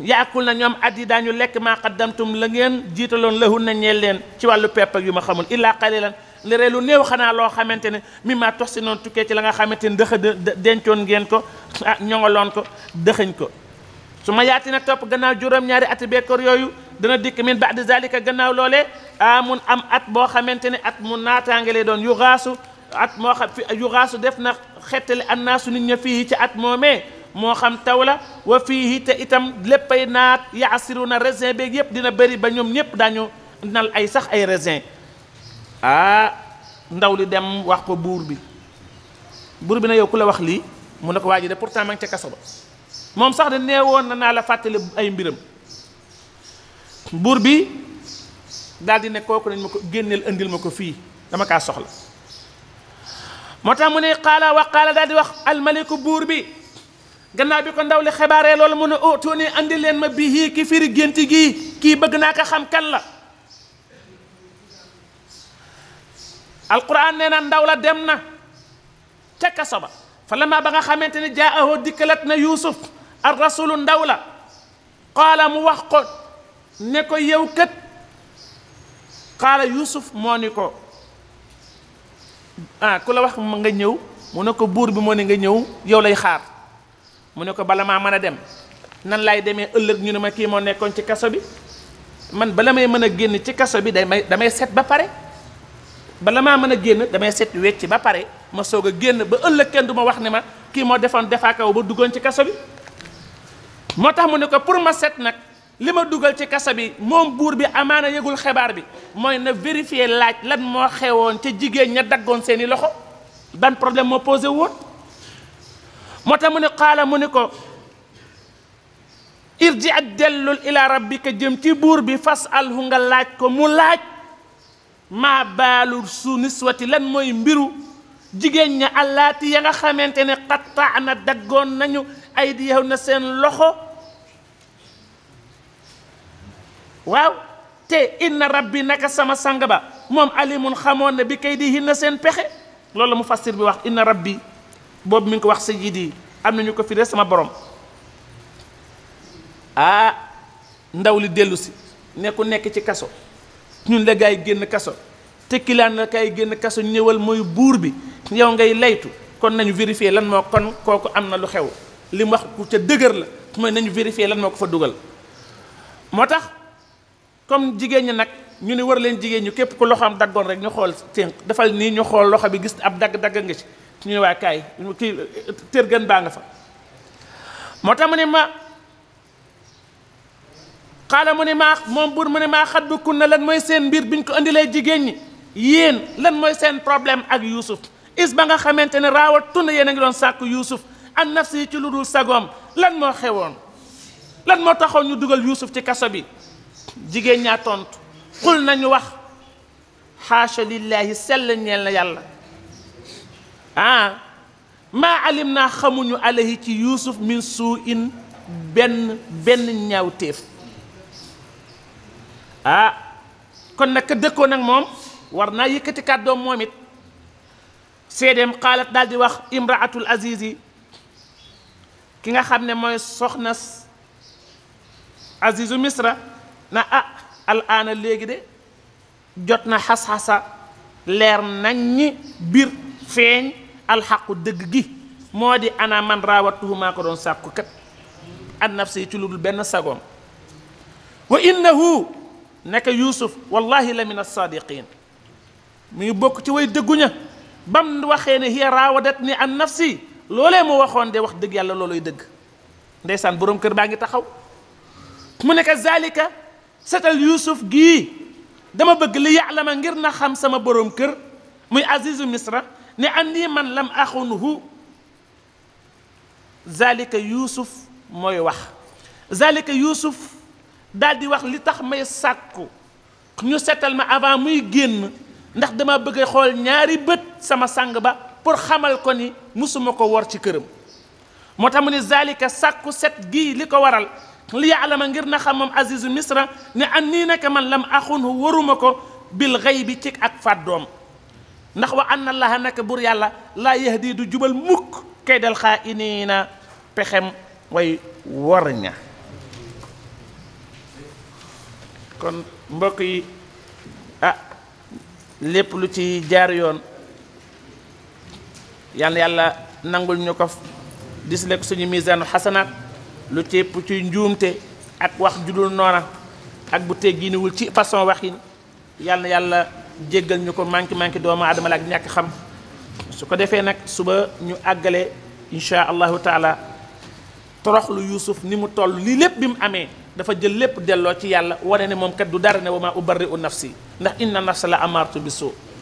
Speaker 1: yaakul na ñoom at yi daañu lekk maa qaddamtum la ngeen jiitaloon lahun na ñeen leen ci wàllu pepp yu ma xamul illaa qalilan lere lu néew xanaa loo xamante ne mi maa tox si noonu tukkee ci la nga xamante ne dëxa dencoon ngeen ko ah ñoŋoloon ko dëxëñ ko su ma yaati nag topp gannaaw juróom-ñaari ati bekkoor yooyu dana dikk min ba'di zalika gannaaw loolee mun am at boo xamante ne at mu naataange lay doon yu xaasu at moo xam fi yu xaasu def na xettali annaasu nit ña fii ci at moomee moo xam taw la wa fii te itam léppay naat yaasiru na résin beeg yëpp dina bëri ba ñoom ñëpp daañu nal ay sax ay raisin ah ndaw li dem wax ko buur bi buur bi na yow ku la wax lii mu ne ko waa ji de pourtant ma ngi ca kaso ba moom sax de nee woon na naa la fàttali ay mbiram buur bi daal di ne kooku nañ ma ko génneel indil ma ko fii dama kaa soxla moo tax mu ne qaala wax qaala daal di wax almaliku buur bi gannaaw bi ko ndaw li xebaaree loolu mu ne oh tuuti andil leen ma bii kii firi gént gii kii bëgg naa ko xam kan la. alquran nee na ndaw la dem na ca kaso ba fa ba nga xamante ni jaa ahoo dikkalat na yuusuf ar rasulu ndaw la qaala mu wax ko ne ko yow kët qaala yuusuf moo ni ko ah ku la wax nga ñëw mu ne ko buur bi moo ne nga ñëw yow lay xaar mu ne ko bala maa mën a dem nan laay demee ëllëg ñu ne ma kii moo nekkoon ci kaso bi man bala may mën a génn ci kaso bi day may damay set ba pare bala maa mën a génn damay set wecc ba pare ma soog a génn ba ëllëg kenn du ma wax ne ma kii moo defoon defaakaw ba duggoon ci kaso bi moo tax mu ne ko pour ma set nag li ma dugal ci kaso bi moom buur bi amaana yëgul xibaar bi mooy na vérifier laaj lan moo xewoon ca jigéen ña daggoon seeni loxo ban problème moo posé woon moo tax mu ne xaala mu ne ko irji ak dellul bi rabbika jëm ci buur bi fas alhu nga laaj ko mu laaj maa baalu su niswati lan mooy mbiru jigéen ña allaati ya nga xamante ne xattaa na daggoon nañu ay di yow na seen loxo waaw te inna bi naka sama sang ba moom alimun xamoon na bi kay di hin na seen pexe loolu la mu fassir bi wax inna bi boobu mi ngi ko wax sayyidi am nañu ko fi de sama borom ah ndaw li dellu si ne ku nekk ci kaso ñun gaa gaay génn kaso te kilaan la gaay génn kaso ñëwal mooy buur bi yow ngay laytu kon nañu vérifier lan moo kon kooku am na lu xew li mu wax ku ca dëgër la mooy nañu vérifier lan moo ko fa dugal moo tax comme jigéen ñi nag ñu ne war leen jigéen ñu képp ku loxo am daggoon rek ñu xool ténk defal nii ñu xool loxo bi gis ab dagg-dagg nga ci ñu ne waa kaay kii tërgan baa nga fa moo tax mu ne ma xaala mu ne maa moom buur mu ne maa xaddu na lan mooy seen mbir ñu ko indilee jigéen ñi yéen lan mooy seen problème ak Yuusuf is ba nga xamante ne raawatuna yéen a ngi doon sàkku Yuusuf an nafsi yi ci lu dul sagoom lan moo xewoon lan moo taxoon ñu dugal Yuusuf ci kaso bi jigéen ñaa tontu xul nañu wax xaasha lillaahi sell ñeel na yàlla ah maa alim naa xamuñu alayhi ci Yuusuf min suu in benn benn ñaawteef ah kon nag ka dëkkoon ak moom war naa yëkkati kàddoom moom it seedeem xaalat daal di wax imraatul aziz yi ki nga xam ne mooy soxnas azizu misra na ah alaana léegi de jot na xas-xasa leer nañ ñi biir feeñ alxaqu dëgg gi moo di ana man raawatuhu maa ko doon sàkku kat an nafsi ci benn sagoom wa innahu nekk Yuusuf wallahi la min as-saadiqin mi ngi bokk ci way dëgguña bam waxee ne hiya raawadat ni an nafsi loolee mu waxoon de wax dëgg yàlla looloy dëgg ndeysaan boroom kër baa ngi taxaw mu nekk zalika setal Yuusuf gii dama bëgg li ma ngir na xam sama boroom kër muy azizu misra ne anni man lam axunhu zalika Yuusuf mooy wax zalika Yuusuf daal di wax li tax may sàkku ñu setal ma avant muy génn ndax dama bëgge xool ñaari bët sama sàng ba pour xamal ko ni mësuma ko wor ci këram moo tax mu ne zalika sàkku set gii li ko waral li ma ngir na xam moom azizu misra ne an nii naka man lam axunhu waruma ko bil xëy bi ci ak fàddoom ndax wa anna la nekk bur yàlla laa yahdi du jubal mukk kaydal xaa iniina pexem way war ña kon mbokk yi ah lépp lu ci jaar yoon yal yàlla nangul ñu ko dis lekk suñu misaanu xasanaat lu cépp ci njuumte ak wax ju dul noona ak bu teggiiniwul ci façon waxin yal na yàlla jéggal ñu ko manqué manqué doomu aadama la ak ñàkk xam su ko defee nag suba ñu àggale incha allahu taala toroxlu Yuusuf ni mu toll lii lépp bi mu amee dafa jël lépp delloo ci yàlla wane ne moom kat du dara ne wa maa ubarri'u nafsi ndax inna nafsa la amaartu bi suu